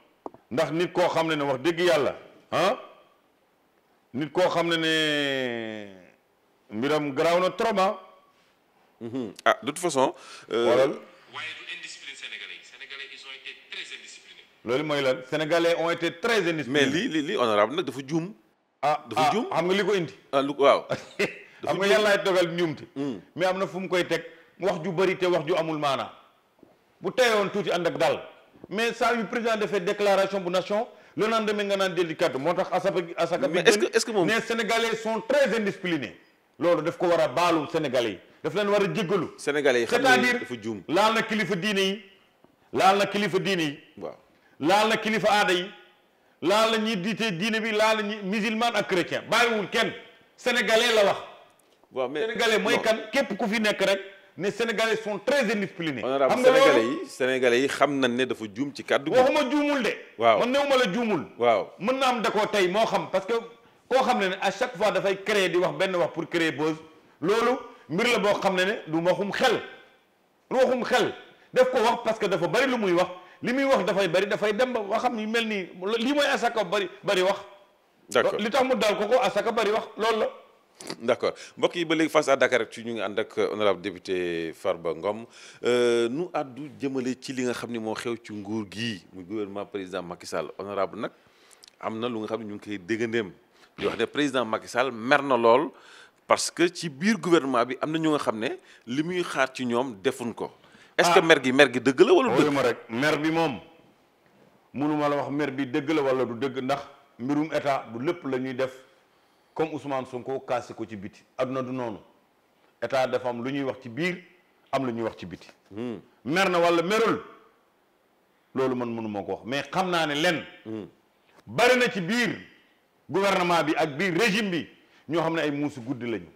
ndax ne wax ah, nit mbiram ah. Mhm. Ah, de toute façon. Euh, été très moy lan sénégalais ont été très indisciplinés. mais li été honorable nak dafa été ah dafa xam nga indi. ah waaw. xam nga dogal très hmm. mais on fum koy tek wax ju très té wax ju amul très bu dal mais ça le président fait déclaration pour nation le lendemain nga naan délicat, est-ce que est-ce que Les sénégalais sont très indisciplinés Que daf ko wara balou sénégalais daf sénégalais c'est-à-dire dafa kilifa kilifa kilifa ñi bi musulman ak sénégalais la wax mais sénégalais kan képp ne sénégalais sont très indisciplinés. xam nga sénégalais yi sénégalais yi xam nañ ne dafa juum ci kàddu. waxuma juumul de. waaw man néew ma la juumul. waaw mën naa am da koo tey moo xam parce que koo xam ne ne à chaque fois dafay créer di wax benn wax pour créer buzz loolu mbir la boo xam ne ne du waxum xel du waxum xel def ko wax parce que dafa bari lu muy wax li muy wax dafay bari dafay dem ba waxam yu mel nii lii mooy asaka bari bari wax. d'accord li tax mu daal ko ko asaka bari wax loolu la. d' accord mbokk yi ba léegi face à Dakar ci ñu ngi ànd ak honorable député Farba Ngom euh, nu àddu jëmale ci li nga xam ni moo xew ci nguur gii muy gouvernement président Macky Sall honorable nag am na lu nga xam ne ñu ngi koy déggandeem di wax ne président Macky Sall mer na lool parce que ci biir gouvernement bi am na ñu nga xam ne li muy xaar ci ñoom defuñ ko. est ce que ah. mer gi mer gi dëgg la wala. dëgg rek mer bi moom mënu la wax mer bi dëgg la wala du dëgg ndax mbirum état du lépp la ñuy def. comme Ousmane Sonko kaase ko ci biti adduna du noonu état dafa am lu ñuy wax ci biir am lu ñuy wax ci biti hmm. mer na walla merul loolu mën mënu moo ko wax mais xam naa ne lenn hmm. bari na ci biir gouvernement bi ak biir régime bi ñoo xam ne ay muusi guddi lañu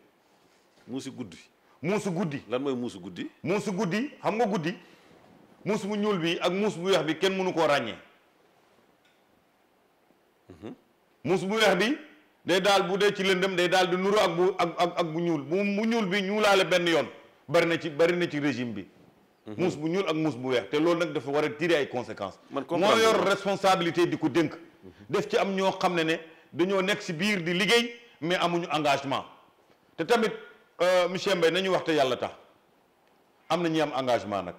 muusi guddi muusu guddi lan mooy guddi muusu guddi xam nga guddi muus bu ñuul bi ak muus bu weex bi kenn mënu koo ràññee hmm. muus bu weex bi day daal bu dee ci dem day daal di nuru ak bu ak ak bu ñuul bu bu ñuul bi ñuulaale benn yoon bari na ci bari na ci régime bi muus mhm. bu ñuul ak muus bu weex te loolu nag dafa war a tirer ay conséquences moo yor responsabilité di ko dënk mhm. def ci am ñoo xam ne ne dañoo nekk si biir di liggéey mais amuñu engagement te tamit euh, monsieur Mbaye nañu wax te yàlla tax am na ñi am engagement nag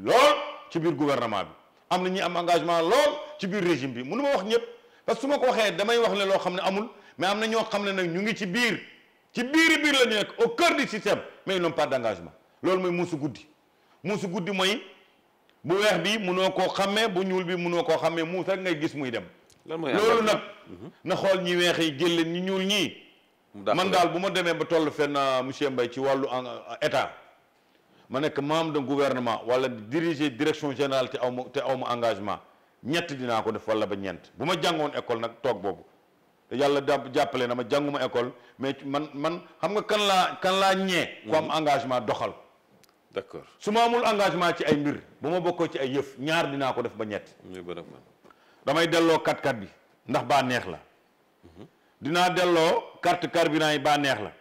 lool ci biir gouvernement bi am na ñi am engagement lool ci biir régime bi mënu ma wax ñëpp parce que su ma ko waxee damay wax ne loo xam ne amul mais am na ñoo xam ne nag ñu ngi ci biir ci biiri biir la ñu nekk au cœur du système mais ils n'ont d'engagement loolu mooy muusu guddi muusu guddi mooy bu weex bi munoo koo xàmmee bu ñuul bi munoo koo xàmmee muus rek ngay gis muy dem loolu nag mhm. na xool ñi weex yi jël leen ñuul ñii man daal bu ma demee ba toll fenn euh, monsieur mbay ci wàllu euh, état ma nekk membre de gouvernement wala diriger direction générale te aw ma te aw ma engagement ñett dinaa ko def wala ba ñeent bu ma jàngoon école nag toog boobu yàlla da jàppale na ma jànguma école mais man man xam nga kan laa kan laa ñee ku am mhm. engagement doxal d'accord su ma amul engagement ci ay mbir bu ma bokkoo ci ay yëf ñaar dinaa ko def ba ñett damay delloo kat-kat bi ndax baa neex la mhm. dinaa delloo carte carburant yi baa neex la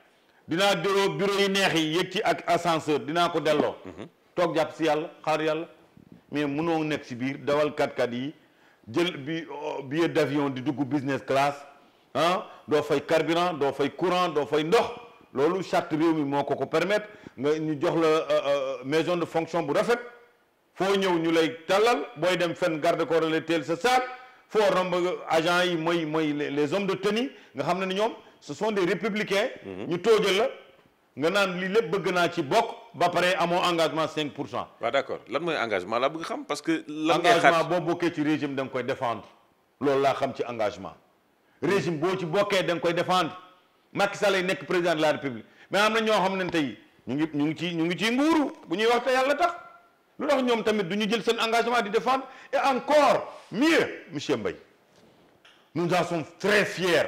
dinaa bureau bureau yi neex yi yëg ci ak assenseur dinaa ko delloo mhm. toog jàpp si yàlla xaar yàlla mais mënoo nekk ci biir dawal 4 4 yi jël bi euh, billet d'avion di dugg business class ah hein, do fay carburant do fay courant do fay ndox loolu charte réew mi moo ko ko permettre nga ñu jox la euh, euh, maison de fonction bu rafet foo ñëw ñu lay tàllal booy dem fenn garde corps la teel sa saak foo romb agent yi mooy mooy les hommes de tenue nga xam ne ni ñoom ce sont des républicains. Mm-hmm. ñu toojal la nga naan lii lépp bëgg naa ci bokk ba pare amoo engagement 5 pour d'accord. waaw d' accord lan mooy engagement laa bëgg xam parce que. l'engagement ngay xaar engagement ci régime da nga koy défendre loolu la xam ci engagement. régime boo ci bokkee da nga koy défendre Macky Sall lay nekk président de la république mais am na ñoo xam ne tey ñu ngi ñu ngi ci ñu ngi ciy nguuru bu ñuy wax te yàlla tax lu tax ñoom tamit du jël seen engagement di défendre et encore mieux monsieur Mbaye nous en sommes très fiers.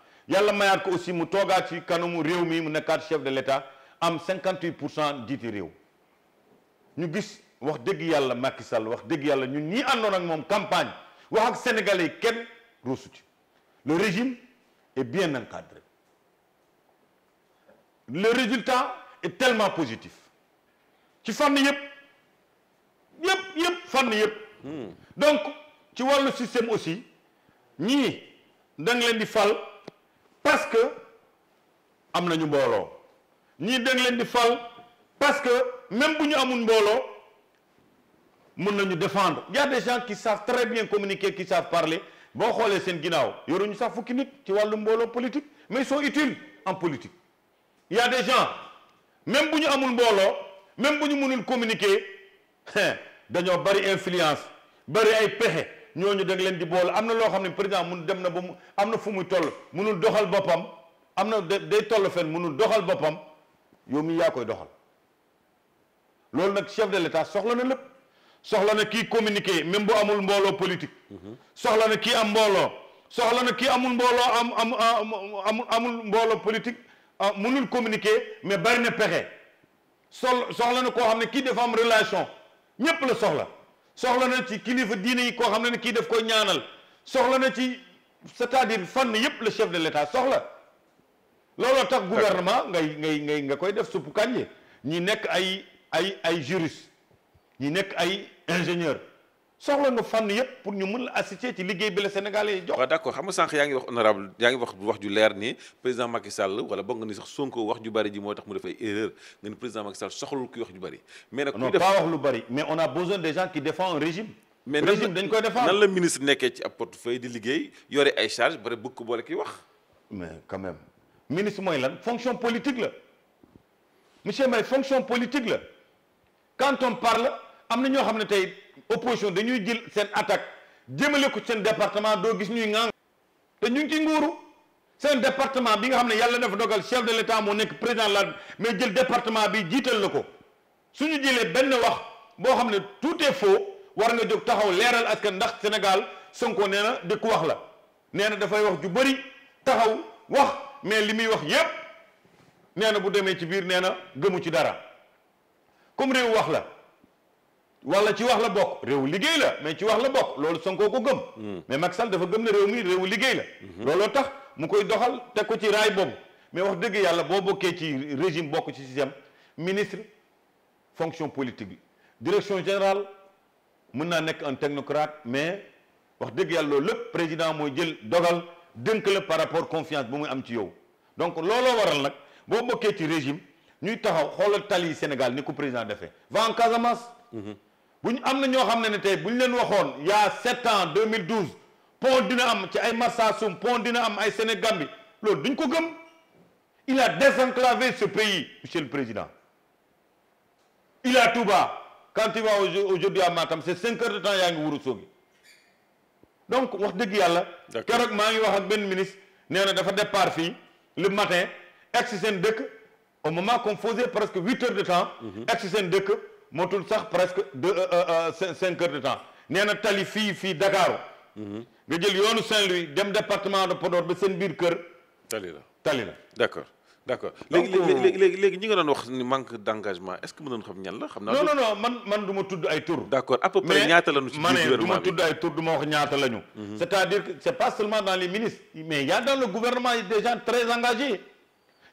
yalla mayat ko aussi mu toga ci kanamu rewmi mu nekkaat chef de l'état am 58 dit rew ñu gis wax deug yalla Macky Sall wax deug yalla ñun ñi andon ak mom campagne wax ak sénégalais yi kenn le régime est bien encadré le résultat est tellement positif ci fann yëpp yëpp yëpp fann yëpp hmm. donc ci walu système aussi ñi dang nga leen di fal parce que am nañu mbooloo ni dañ leen di fal parce que même buñu ñu amul mbooloo mën nañu défendre Il y a des gens qui savent très bien communiquer qui savent parler bo xolé seen ginaaw yoruñu sax fukki nit ci walu mbolo politique mais ils sont utiles en politique Il y a des gens même buñu amul mbolo même buñu mënul communiquer hein, dañu bari influence bari ay pexe nous da di am na loo xam ne président mun dem na ba mu am na fu muy toll munul doxal boppam am na day toll fenn munul doxal boppam yow mii yaa koy doxal loolu nag chef de l'etat. soxla na lépp soxla na kii communiquer même bu amul mbooloo politique mhm. soxla na kii am mbooloo soxla na kii amul mbooloo am am amul amul politique ah, munul communiquer mais bari na pexe soxla na koo xam ne kii dafa am relation ñépp la soxla soxla na ci kilifa diine yi koo xam ne kii daf koy ñaanal soxla na ci c'est-à-dire fànn yëpp le chef de l'État soxla looloo tax gouvernement ngay ngay ngay nga koy def suppu kànje ñi nekk ay ay ay juriste ñi nekk ay ingénieur soxla nga fànn yëpp pour ñu mën la assister ci liggéey bi la Sénégalais yi jox. waaw d' accord xam nga sànq yaa ngi wax honorable yaa ngi wax wax ju leer ni président Macky Sall wala boog nga ni sax Sonko wax ju bari ji moo tax mu def ay erreur nga ni président Macky Sall soxlul kuy wax ju bari mais nag non pas wax lu bari mais on a besoin des gens qui défendent un régime. mais régime dañ koy défendre nan la ministre nekkee ci ab portefeuille di liggéey yore ay charge bare bëgg ko boole kiy wax. mais quand même ministre mooy lan fonction politique la monsieur Mbaye fonction politique la quand on parle. am na ñoo xam ne tey opposition dañuy jël seen attaque jëmale ko seen département doo gis ñuy ŋàng te ñu ngi ci nguuru seen département bi nga xam ne yàlla dafa dogal chef de l'état moo nekk président la mais jël département bi jiital na ko suñu jëlee benn wax boo xam ne tout est faux war nga jóg taxaw leeral askan ndax Sénégal Sonko nee na dëkk wax la nee na dafay wax ju bëri taxaw wax mais li muy wax yépp nee na bu demee ci biir nee na gëmu ci dara comme réew wax la wala ci wax la bok rew liggéey la mais ci wax la bok lolou Sonko ko gem hmm. mais Macky Sall dafa gëm ne réew mi rew liggéey la hmm. lolou tax mu koy doxal te ko ci ray bob mais wax deug yalla bo bokke ci régime bokk ci système ministre fonction politique direction générale mën naa un technocrate mais wax deug yalla lolou le président moy jël dogal deunk le par rapport confiance bu muy am ci yow donc lolou waral nak bo bokke ci régime ñuy taxaw xolal tali Sénégal ni ko président defee va en Casamance hmm. Il y a 7 ans, 2012, pont il y a pont il a Sénégal. Il a désenclavé ce pays, M. le président. Il a tout bas. Quand il va aujourd'hui à Matam, c'est 5 heures de temps qu'il y a un Donc, Donc, il y a des gens qui a fait des parfums le matin, au moment qu'on faisait presque 8 heures de temps, mhm. ex-Sénégal motul sax presque deux 5 euh, euh, euh, heures de temps néna tali fi fi Dakar. Mhm. nga jël yoonu Saint-Louis dem département de Podor ba sen bir kër. tali la tali la d'accord. d'accord légui légui légui ñi nga doon wax ni manque d'engagement est-ce que mënoon xam ñan la. xam naa non non non man man duma ma tudd ay tour d'accord à peu près ñaata lañu ci biir gouvernement bi du tudd ay tur du wax ñaata lañu. Mhm. c'est-à-dire que c'est pas seulement dans les ministres mais il y a dans le gouvernement des gens très engagés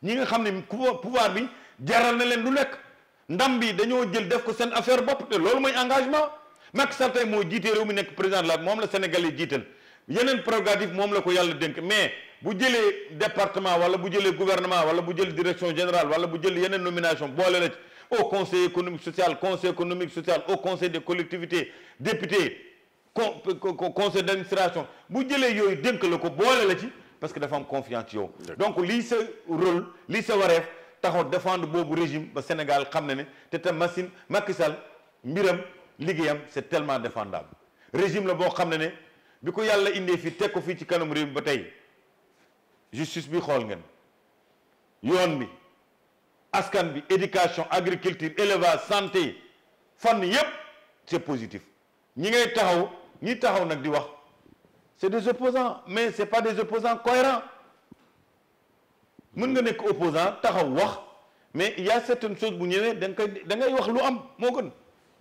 ñi nga xam pouvoir bi jaral na leen lu nekk ndam bi dañoo jël def ko seen affaire bopp te loolu mooy engagement Macky Sall tey moo jiite réew mi nekk président de la moom la Sénégal yi jiital yeneen prérogative moom la ko yàlla dénk mais bu jëlee département wala bu jëlee gouvernement wala bu jël direction générale wala bu jël yeneen nomination boole la ci au conseil économique social conseil économique social au conseil de collectivité député conseil d'administration bu jëlee yooyu dénk la ko boole la ci parce que dafa am confiance yow donc lii sa rôle lii sa wareef taxaw défendre bobu régime ba Sénégal xamné né té te tam machine Macky Sall mbiram c'est tellement défendable régime la bo xamné ne ne bi ko les indee fii teg ko fi ci kanam réew justice bi xol ngeen yoon bi askan bi éducation agriculture élevage santé famille, yépp c'est positif ñi ngay taxaw ñi taxaw nak di wax c'est des opposants mais c'est pas des opposants cohérents mën nga nekk opposant taxaw mais il y a certaines choses bu ñëwee da nga ngay wax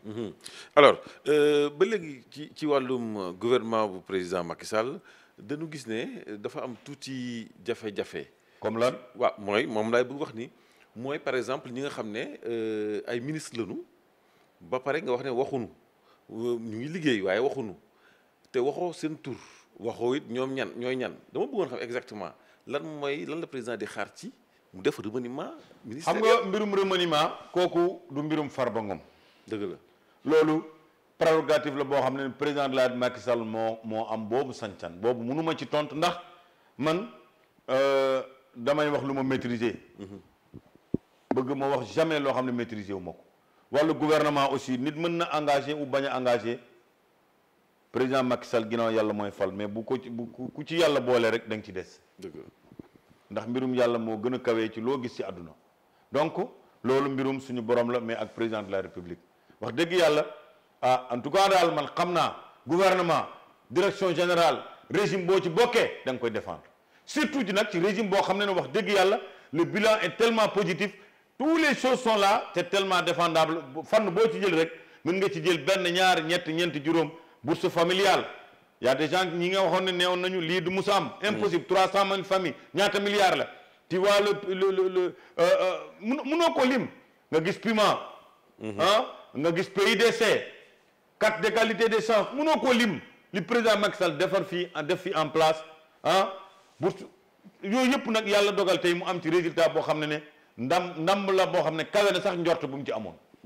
mhm. alors euh, ba léegi ci ci gouvernement bu président Macky Sall dañu gis ne dafa am tuuti jafe-jafe. comme lan waaw mooy moom laay wax ni par exemple ñi nga xam ne euh, ay ministre lañu ba pare nga wax ñu liggéey te waxoo seen tur waxoo it ñan ñan dama xam exactement. lan mooy lan la président di xaar ci mu def remaniement ministère xam nga mbirum remaniement kooku du mbirum far Ngom dëgg la loolu prérogative la boo xam ne président de la Macky Sall moo moo am boobu sancan boobu mënuma ci tontu ndax man euh, damay wax lu ma maîtriser mm-hmm. bëgg ma wax jamais loo xam ne maîtriser wu ma ko wàllu gouvernement aussi nit mën na engagé ou bañ a engagé président Macky Sall ginnaaw yàlla mooy fal mais bu ko ci bu ku ci yàlla boole rek da ci des. ndax mbirum yàlla moo gën a kawee ci loo gis ci àdduna. donc loolu mbirum suñu borom la mais ak président de la république wax dëgg yàlla ah en tout cas daal man xam naa gouvernement direction général régime boo ci bokkee da nga koy défendre surtout ci nag ci régime boo xam ne na wax dëgg yàlla le bilan est tellement positif tous les choses sont là c'est tellement défendable fànn boo ci jël rek mën nga ci jël benn ñaar ñett ñeent juróom. bourse familiale y a des gens ñi nga waxoon ne neewoon nañu lii du musa am mm. impossible trois cent mille famille ñaata milliards la tu vois le le le le euh, euh, munoo ko lim nga gis piment mm-hmm. ah nga gis PIDC carte d'égalité des mu munoo koo lim li président Macky Sall defar fii def fii en place ah bourse yooyu yëpp nag yàlla dogal tey mu am ci résultat boo xam ne ne ndam ndam la boo xam ne kawe na sax njort bu mu ci amoon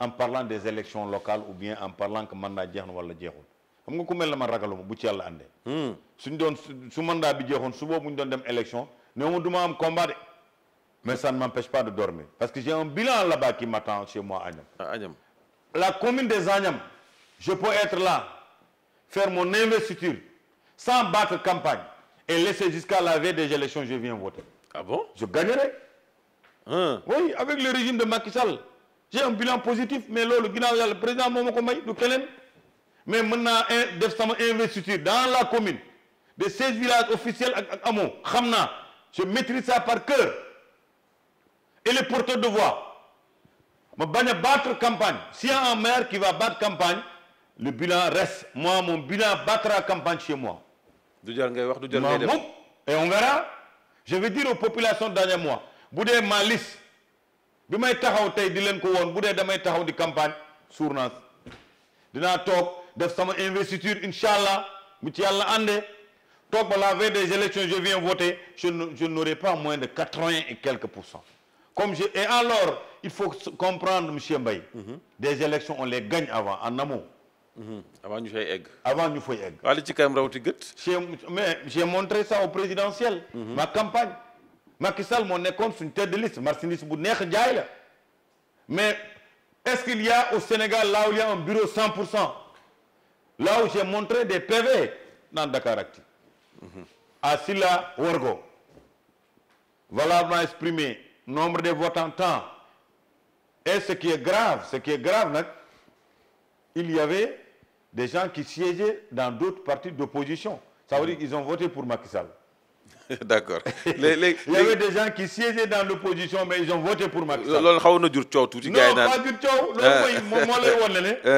en parlant des élections locales ou bien en parlant que mandat jeex wala jeexul xam nga ku mel ne de ragaluma bu ci andé hmm suñ mandat bi jeexoon su ñu doon dem élection néew nous am mais ça ne m'empêche pas de dormir parce que j'ai un bilan là-bas qui m'attend chez moi à Agnam. la commune des Agnam je peux être là faire mon investiture sans battre campagne et laisser jusqu'à la veille des élections je viens voter. ah bon je gagnerai. Hein? oui avec le régime de Macky j'ai un bilan positif mais le président de ma may mais maintenant, naa investiture dans la commune de 16 villages officiels à Amo. je maîtrise ça par cœur et les porteurs de voix Je vais battre campagne s'il y a un maire qui va battre campagne le bilan reste moi mon bilan battra campagne chez moi. et on verra je vais dire aux populations dernier mois Vous avez ma bi may taxaw tey di vous ko woon bu damay taxaw di campagne sournaas dinaa toog def sama investiture Inch'Allah, allah bu ci yàlla ba la veille des élections je viens voter je n'aurai pas moins de quatre-vingts et quelques pourcents. comme je et alors il faut comprendre monsieur Mbaye mhm. des élections on les gagne avant en amont mhm. avant ñu fay egg avant ñu fay egg allez ci kanam rawati gët mais j'ai montré ça au présidentiel mhm. ma campagne Macky Sall moo une une tête de liste bu neex mais est-ce qu'il y a au Sénégal là où il y a un bureau 100 là où j'ai montré des PV dans Acti. à Silla Worgo valablement exprimé nombre de votants temps et ce qui est grave ce qui est grave il y avait des gens qui siégeaient dans d'autres partis d'opposition ça veut dire qu'ils ont voté pour Macky Sall D'accord. Il y avait des gens qui siégeaient dans l'opposition, mais ils ont voté pour Macky Sall. Non, pas du tout. Non, pas du tout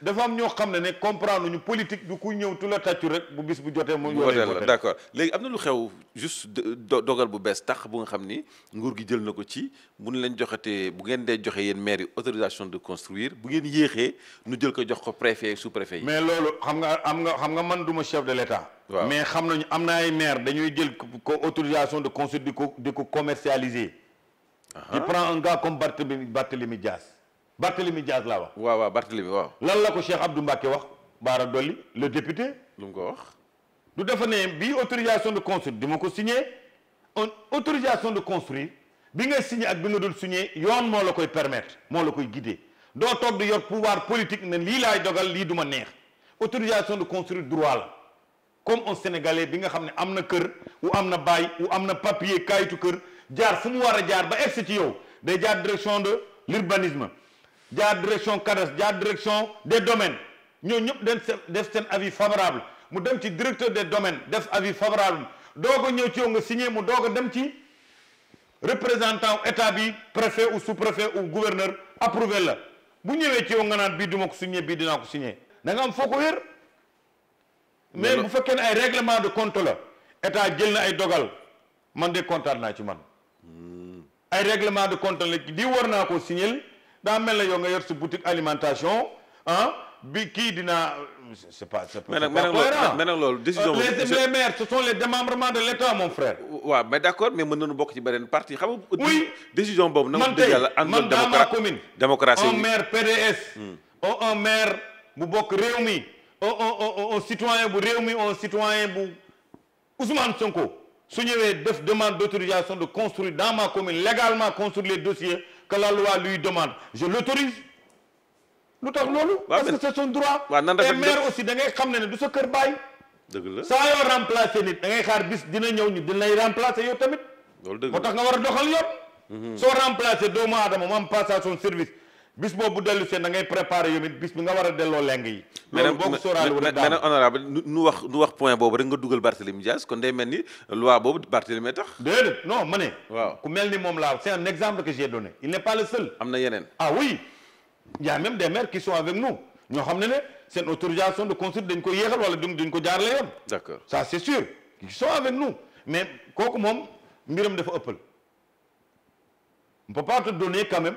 dafa am ñoo xam ne ne comprendre ñu politique du ku ñëw tu la tàccu rek bu bis bu jotee mu la d'accord léegi am lu xew juste dogal bu bees tax bu nga xam ni nguur gi jël na ko ci bu ñu leen bu ngeen dee joxe yéen maire autorisation de construire bu ngeen yéexee nu jël ko jox ko préfet sous préfet mais loolu xam nga am nga xam nga man duma chef de l'état mais xam nañu am na ay maire dañuy jël ko autorisation de construire de ko commercialiser il prend un gars comme Barthélemy Barthélemy Dias Barthélemy Diaz laa wax. waaw waaw Barthélemy waaw. lan la ko Cheikh Abdou Mbacké wax Baara Dolli le député. lu mu ko wax. du dafa ne autorisation de construire di ma signé on autorisation de construire bi nga signé ak bi nga dul signé yoon moo la koy permettre moo la koy guider doo toog di yor pouvoir politique ne lii laay dogal lii du ma neex autorisation de construire droit la comme un sénégalais bi nga xam ne kër ou am bay ou am papier kayitu kër jaar fu mu jaar ba egsi ci yow jaar direction de l'urbanisme jaar direction cadastre jaar direction des domaines nous ñëpp den def avis favorable mu dem ci directeur des domaines def avis favorable doog a ci signé mu doog a dem ci représentant état préfet ou sous-préfet ou gouverneur approuvé la bu ñëwee ci yow nga naan bii signé bii dinaa signé da nga am foo ko mais bu fekkee ay règlement de compte la état jël na ay dogal man de kontaan un ci hmm. règlement de compte qui di war naa a dans même na yow nga boutique alimentation hein bi c'est pas c'est pas mais les maires ce sont les démembrements de l'État mon frère ouais mais d'accord mais nous bok une ci parti xam oui décision bob nag de yalla dans commune démocratie un maire PDS ou hmm. un maire bu ou un citoyen bu rewmi un citoyen bu Ousmane Sonko su vous def demande d'autorisation de construire dans ma commune légalement construire les dossiers que la luy lui demande je l'autorise lu tax loolu parce que c'est son droit et maire aussi da ngay xam ne ne du sa kër bàyyi dëgg la saa yoo remplacer nit da ngay xaar bis dina ñëw ñu dina lay remplacer yow tamit moo tax nga war a doxal yoon mhm. soo remplacer doomu aadama mu am passation service bis boobu bu dellu seen da ngay préparer yow bis bi nga wara delo leng yi. mais boo ko sóoraale wu daal honorable nu wax nu wax point boobu rek nga dugal Barthélémy Diaz kon day melni ni loi boobu Barthélémy tax. déedéet non mané ne. waaw ku mel ni moom c'est un exemple que j'ai donné il n'est pas le seul. amna yenen ah oui. il y a même des maires qui sont avec nous ño xam ne ne autorisation de construire dañ ko yéexal wala duñ ko la yoon. d'accord ça c'est sûr ils sont avec nous mais kooku mom mbiram dafa ëppal on peut pas te donner quand même.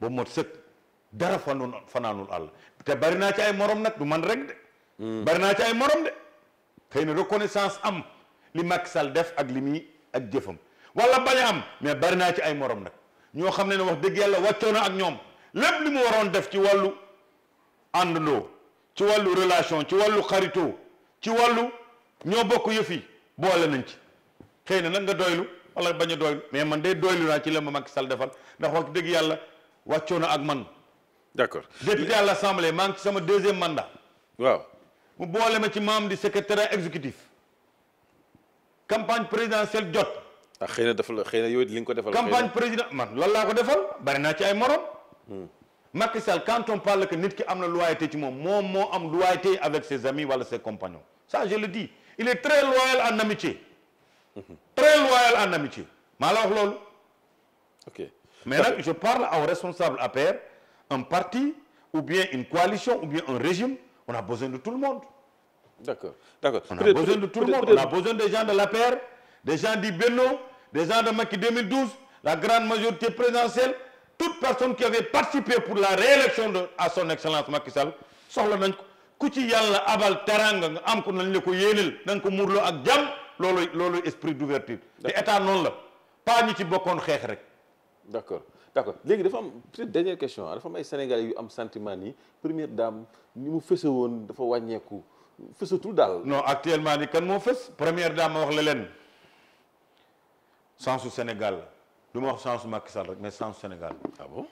ba mot sëkk dara fanu fanaanul àll te bari naa ci ay morom nak du man rek de. bari naa ci ay morom de. xeyna reconnaissance am li maksal def ak limi ak jëfam wala bañ am mais bari naa ci ay morom nak ño xamne wax deug yalla wàccoo na ak ñom lepp li mu waron def ci walu andlo ci walu relation ci walu xarito ci walu ño bokk yëf yi boole nañ ci xeyna nak nga doylu wala bañ doylu mais man day doylu na ci la maksal defal ndax wax deug yalla wàccoo na ak man. d'accord député à l'Assemblée maa ngi ci sama deuxième mandat. waaw mu boole ma ci membre di secrétaire exécutif campagne présidentielle jot. ah xëy na dafa la na yow li ngi ko defal. campagne président man loolu laa ko defal bari na ci ay morom. Hmm. Macky Sall quand on parle que nit ki amna loyauté ci mom mom mo am loyauté avec ses amis wala ses compagnons ça je le dis il est très loyal en amitié. Hmm. très loyal en amitié maa la wax loolu. ok. Mais là, je parle aux responsables à pair, un parti, ou bien une coalition, ou bien un régime, on a besoin de tout le monde. D'accord. On a besoin de tout le monde. On a besoin des gens de la des gens d'Ibeno, des gens de Maki 2012, la grande majorité présidentielle. Toute personne qui avait participé pour la réélection de, à son excellence Macky Sall, ku abal am ko nañ ko ko esprit d'ouverture Et état non-là. pas ñi ci rek D'accord. D'accord. dernière question ah, dafa femme sénégalais yu am sentiment première dame ni mu fait fait. dafa ce tout dal. non actuellement ni kan mo fess première dame wax la Sans au Sénégal nous wax sans Macky Sall mais sans Sénégal. ah bon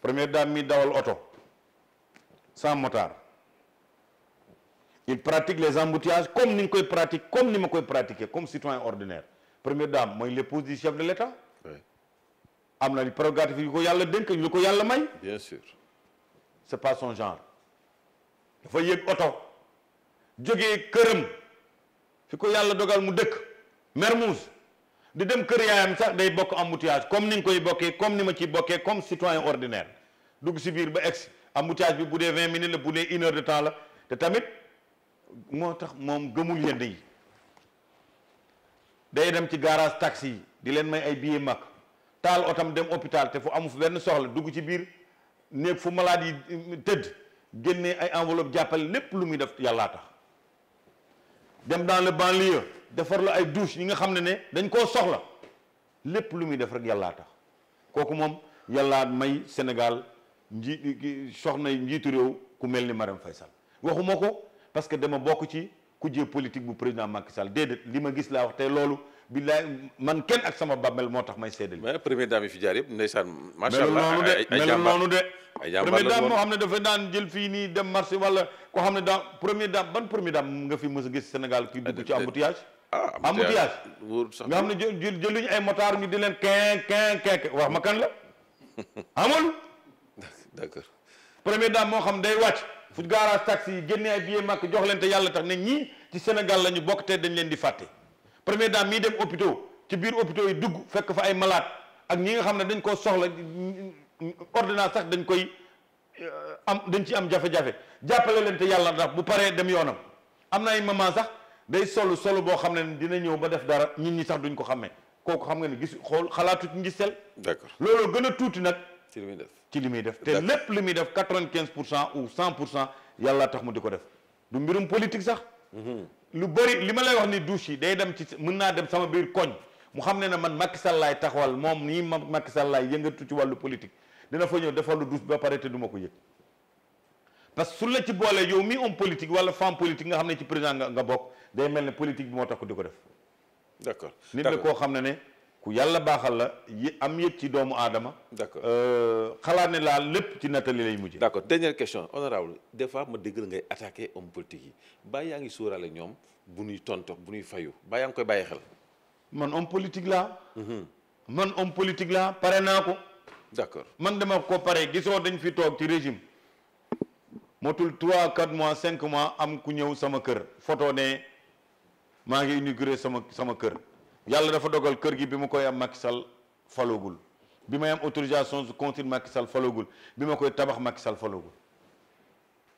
première dame mi dawal auto. sans motard il pratique les embouteillages comme ni koy comme ni ma koy pratiquer comme citoyen ordinaire première dame suis l'épouse du chef de l'État Oui amna na prérogative yu ko yalla denk yu ko yalla may. bien sûr. c'est pas son genre. dafa yéeg oto jógee këram fi ko yàlla dogal mu dekk Mermoz di dem kër yaayam sax day bokk embouteillage comme ni nga koy bokkee comme ni ma ciy bokkee comme citoyen ordinaire dugg ci bir ba ex embouteillage bi bu dee vingt minutes la bu dee une heure de temps la té tamit motax mom moom gëmul yenn yi day dem ci garage taxi di len may ay billets mak taal otam dem hôpital te fu amu fi benn soxla dugg ci biir néeg fu malade yi mm, tëdd génnee ay enveloppe jàppale lépp lu muy def yàllaa tax dem dans le banlieue defar la ay douche yi nga xam ne ne dañ koo soxla lépp lu muy def rek yàllaa tax kooku moom yàllaa may Sénégal nji soxna njiitu réew ku mel ni Marème Faye Sall waxuma ko parce que dama bokk ci kujje politique bu président Macky Sall déedéet li ma gis laa wax tey loolu billaay man kenn ak sama bàmmeel moo may seedal mais première dame fi allah melul noonu de première dame moo xam dafa daan jël fii nii dem marché wala ko xam ne daa dame ban première dame nga fi mës gis Sénégal dugg ci ah, ah, embouteillage embouteillage nga jël ay ñu di kin kin kin wax ma kan la amul d'accord Premier dame moo xam day wàcc fu garage taxi génné ay billet mak jox leen te yàlla tax ne ñi ci Sénégal lañu bokk dañ leen di faté premier dame mii dem hôpitaux ci biir hôpitaux yi dugg fekk fa ay malade ak ñi nga xamne dañ ko soxla ordonnance sax dañ koy euh, am dañ ci am jafé jafé jappalé leen te yàlla ndax bu paré dem yoonam am na ay maman sax day solo solo bo xam dina ñëw ba def dara ñin ñi sax duñ ko xàmmee kooku xam nga ne gis xol xalaatu ci ngiseel d'accord loolu gëna a tuuti nag ci limi def ci limi def té lepp limi def 95% ou 100% yalla tax mu diko def du mbirum politique sax mm-hmm. lu bëri li ma lay wax ni douche yi day dem ci mën naa dem sama biir koñ mu xam ne ne man Macky Sall taxawal moom nii ma Macky Sall laay yëngatu ci wàllu politique dina fa ñëw defal lu ba pare te du ko yëg parce que su la ci boolee yow mii homme politique wala femme politique nga xam ne ci président nga nga bokk day mel ne politique bi moo tax ko di ko def. d'accord nit la koo xam ne ne. yalla baxal la am yëg ci doomu adama d'accord euh, xalaat ne laa lépp ci natali lay mujj. d'accord dernière question honorable des fois ma dégg ngay attaquer homme politique ba yaangi ngi ñom ñoom bu nuy tonto bu nuy fayu ba yaa koy baye xel. man homme politique la hmm man homme politique la paré nako d'accord man dama ko paré gisoo dañ fi tok ci régime. motul 3 4 mois 5 mois am ku ñew sama kër photo né ma ngi inauguré sama sama kër. yàlla dafa dogal kër gi bi mu koy am Macky Sall falogul bi may am autorisation su continuer Macky Sall falogul bi ma koy tabax Macky Sall falogul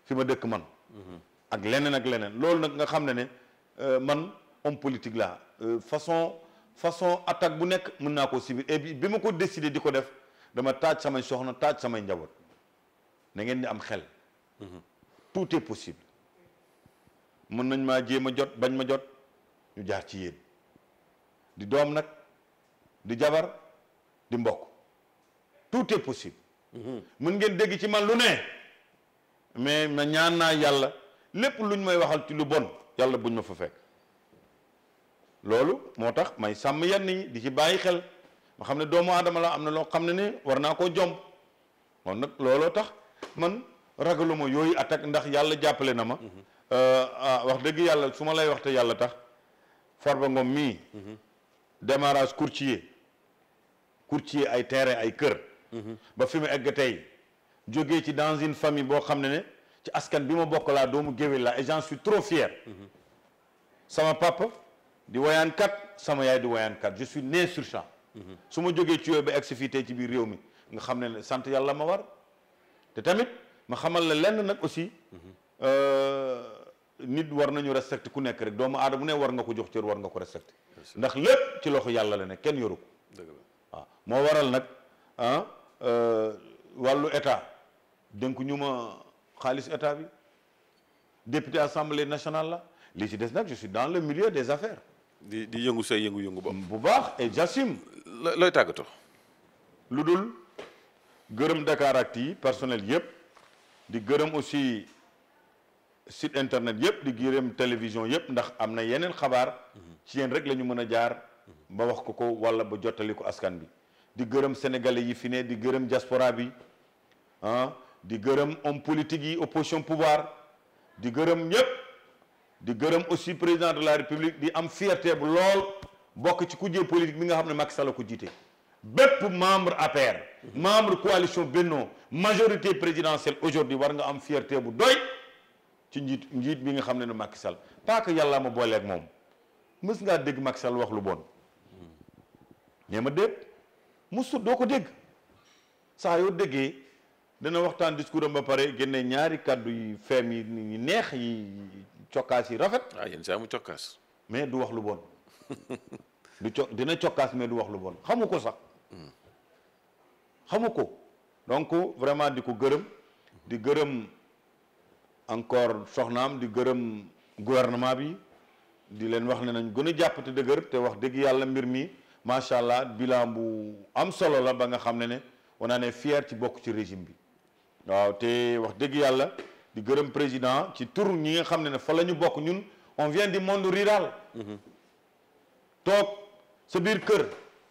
fi ma dëkk man mhm. ak leneen ak leneen loolu nag nga xam ne ne euh, man homme politique laa euh, façon façon attaque bu nekk mën naa koo subir et bi bi ma ko décidé di ko def dama taaj samay soxna taaj samay njaboot na ngeen di am xel mhm. tout possible mën nañ maa jéem a jot bañ ma jot ñu jaar ci yéen di doom nag di jabar di mbokk tout est possible mm-hmm. mën ngeen dégg ci man lu ne mais ma ñaan naa yàlla lépp lu luñ may waxal ci lu bon yàlla buñ ma fa fekk loolu moo tax may sàmm yenn ñi di ci bàyyi xel ma xam ne doomu aadama la am na loo xam ne ne war naa koo jomb moom nag looloo tax man ragaluma yooyu attaque ndax yàlla jàppale na ma mm-hmm. euh, ah, wax dëgg yàlla su ma lay wax te yàlla tax Farba Ngom mii mm-hmm. démarrage courtier courtier ay terrain ay kër. ba fi mu egg tay jógee ci dans une famille bo xamné né ci askan bima bok la laa doomu géwél la et j'en suis trop fier. sama papa di wayan kat sama yaay di wayan kat je suis né sur champ. suma ma ci yooyu ba egg si fii ci biir réew mi nga xamné ne ne sant ma war té tamit ma xamal la lenn nak aussi. Euh, nit war nañu respecté ku nekk rek doomu aadama ne war nga ko jox cër war nga ko respecté ndax lépp ci loxo yàlla la ne kenn yoru ko waaw moo waral nag ah euh, wàllu état dénk ñu ma xaalis état bi député assemblée nationale la li ci des nag je dans le millier des affaires di di yëngu say yëngu-yëngu ba bu baax et j'assume looy tàggatoo lu dul gërëm Dakaractu yi personnel yëpp di gërëm aussi site internet yep di giiram télévision yep ndax amna yenen xabar ci yeen rek lañu mëna jaar ba wax ko ko wala ba jotali ko askan bi di gërem sénégalais yi fi né di gërem diaspora bi ah di gërem homme politique yi opposition pouvoir di gërem ñep di gërem aussi président de la république di am fierté bu lool bok ci kujé politique bi nga xamné Macky Sall ko jité bép membre APR membre coalition Benno majorité présidentielle aujourd'hui war nga am fierté bu doy ci njiit njiit bi nga xam ne ne makk Sall pas que yàlla ma booleeg moom mës ngaa dégg Macky Sall wax lu bon nee ma déet musu doo ko dégg saa yoo déggee dana waxtaan discours am ba pare génne ñaari kàddu yi feem yi neex yi cokkaas yi rafet. waaw ah, yéen saa mu cokkaas. mais du wax lu bon du co dina cokkaas mais du wax lu bon xamu ko sax. Hmm. xamu ko donc vraiment di ko gërëm di gërëm. encore soxnaam di gërëm gouvernement bi di leen wax ne nañ gën a jàpp te te wax dëgg yàlla mbir mi macha allah bilam bu am solo la ba nga xam ne ne on en est fier ci bokk ci régime bi waaw te wax dëgg yàlla di gërëm président ci tur ñi nga xam ne ne fa la ñu bokk ñun on vient du monde rural. Mhm. toog sa biir kër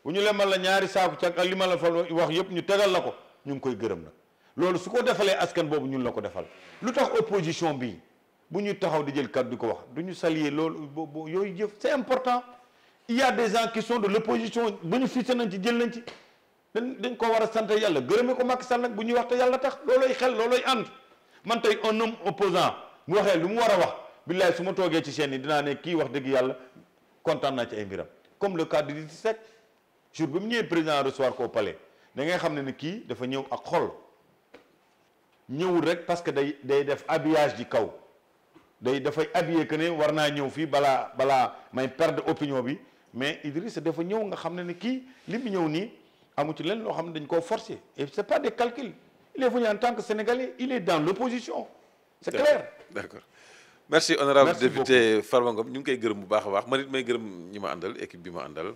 bu ñu lemal la ñaari saaku càkk ak li ma la fa wax yëpp ñu tegal la ko ñu ngi koy gërëm nag. loolu suko defale askan bobu ñun la ko defal lutax opposition bi buñu taxaw di jël kàddu ko wax duñu salier saluer yoy boobu jëf c'est important il y a des gens qui sont de l'opposition buñu bénéficié nañ ci jël nañ ci dañ ko wara a yalla yàlla gërëme ko Macky Sall nag bu wax ta yalla tax loloy xel loloy and man tay un homme opposant mu waxe lu mu wara wax billahi suma toge ci chaîne dina ne ki wax deug yalla kontaan naa ci ay mbiram comme le cadre du 17 jour bi ñëw président recevoir ko palais da ngay xamné ne ki dafa ñëw ak xol ñëwul rek parce que day day def habillage di kaw day fay habillé que ne war naa ñëw bala bala balaa may perdre opinion bi mais Idriss dafa ñëw nga xamné ne ne kii li mu ñëw ni amu ci leen lo xamné dañ ko forcer et c'est pas des calculs il est venu en tant que Sénégalais il est dans l'opposition c'est clair d'accord merci honorable député Farba ñu ngi koy gërëm bu baax baax may gërëm ñima andal équipe bi ma andal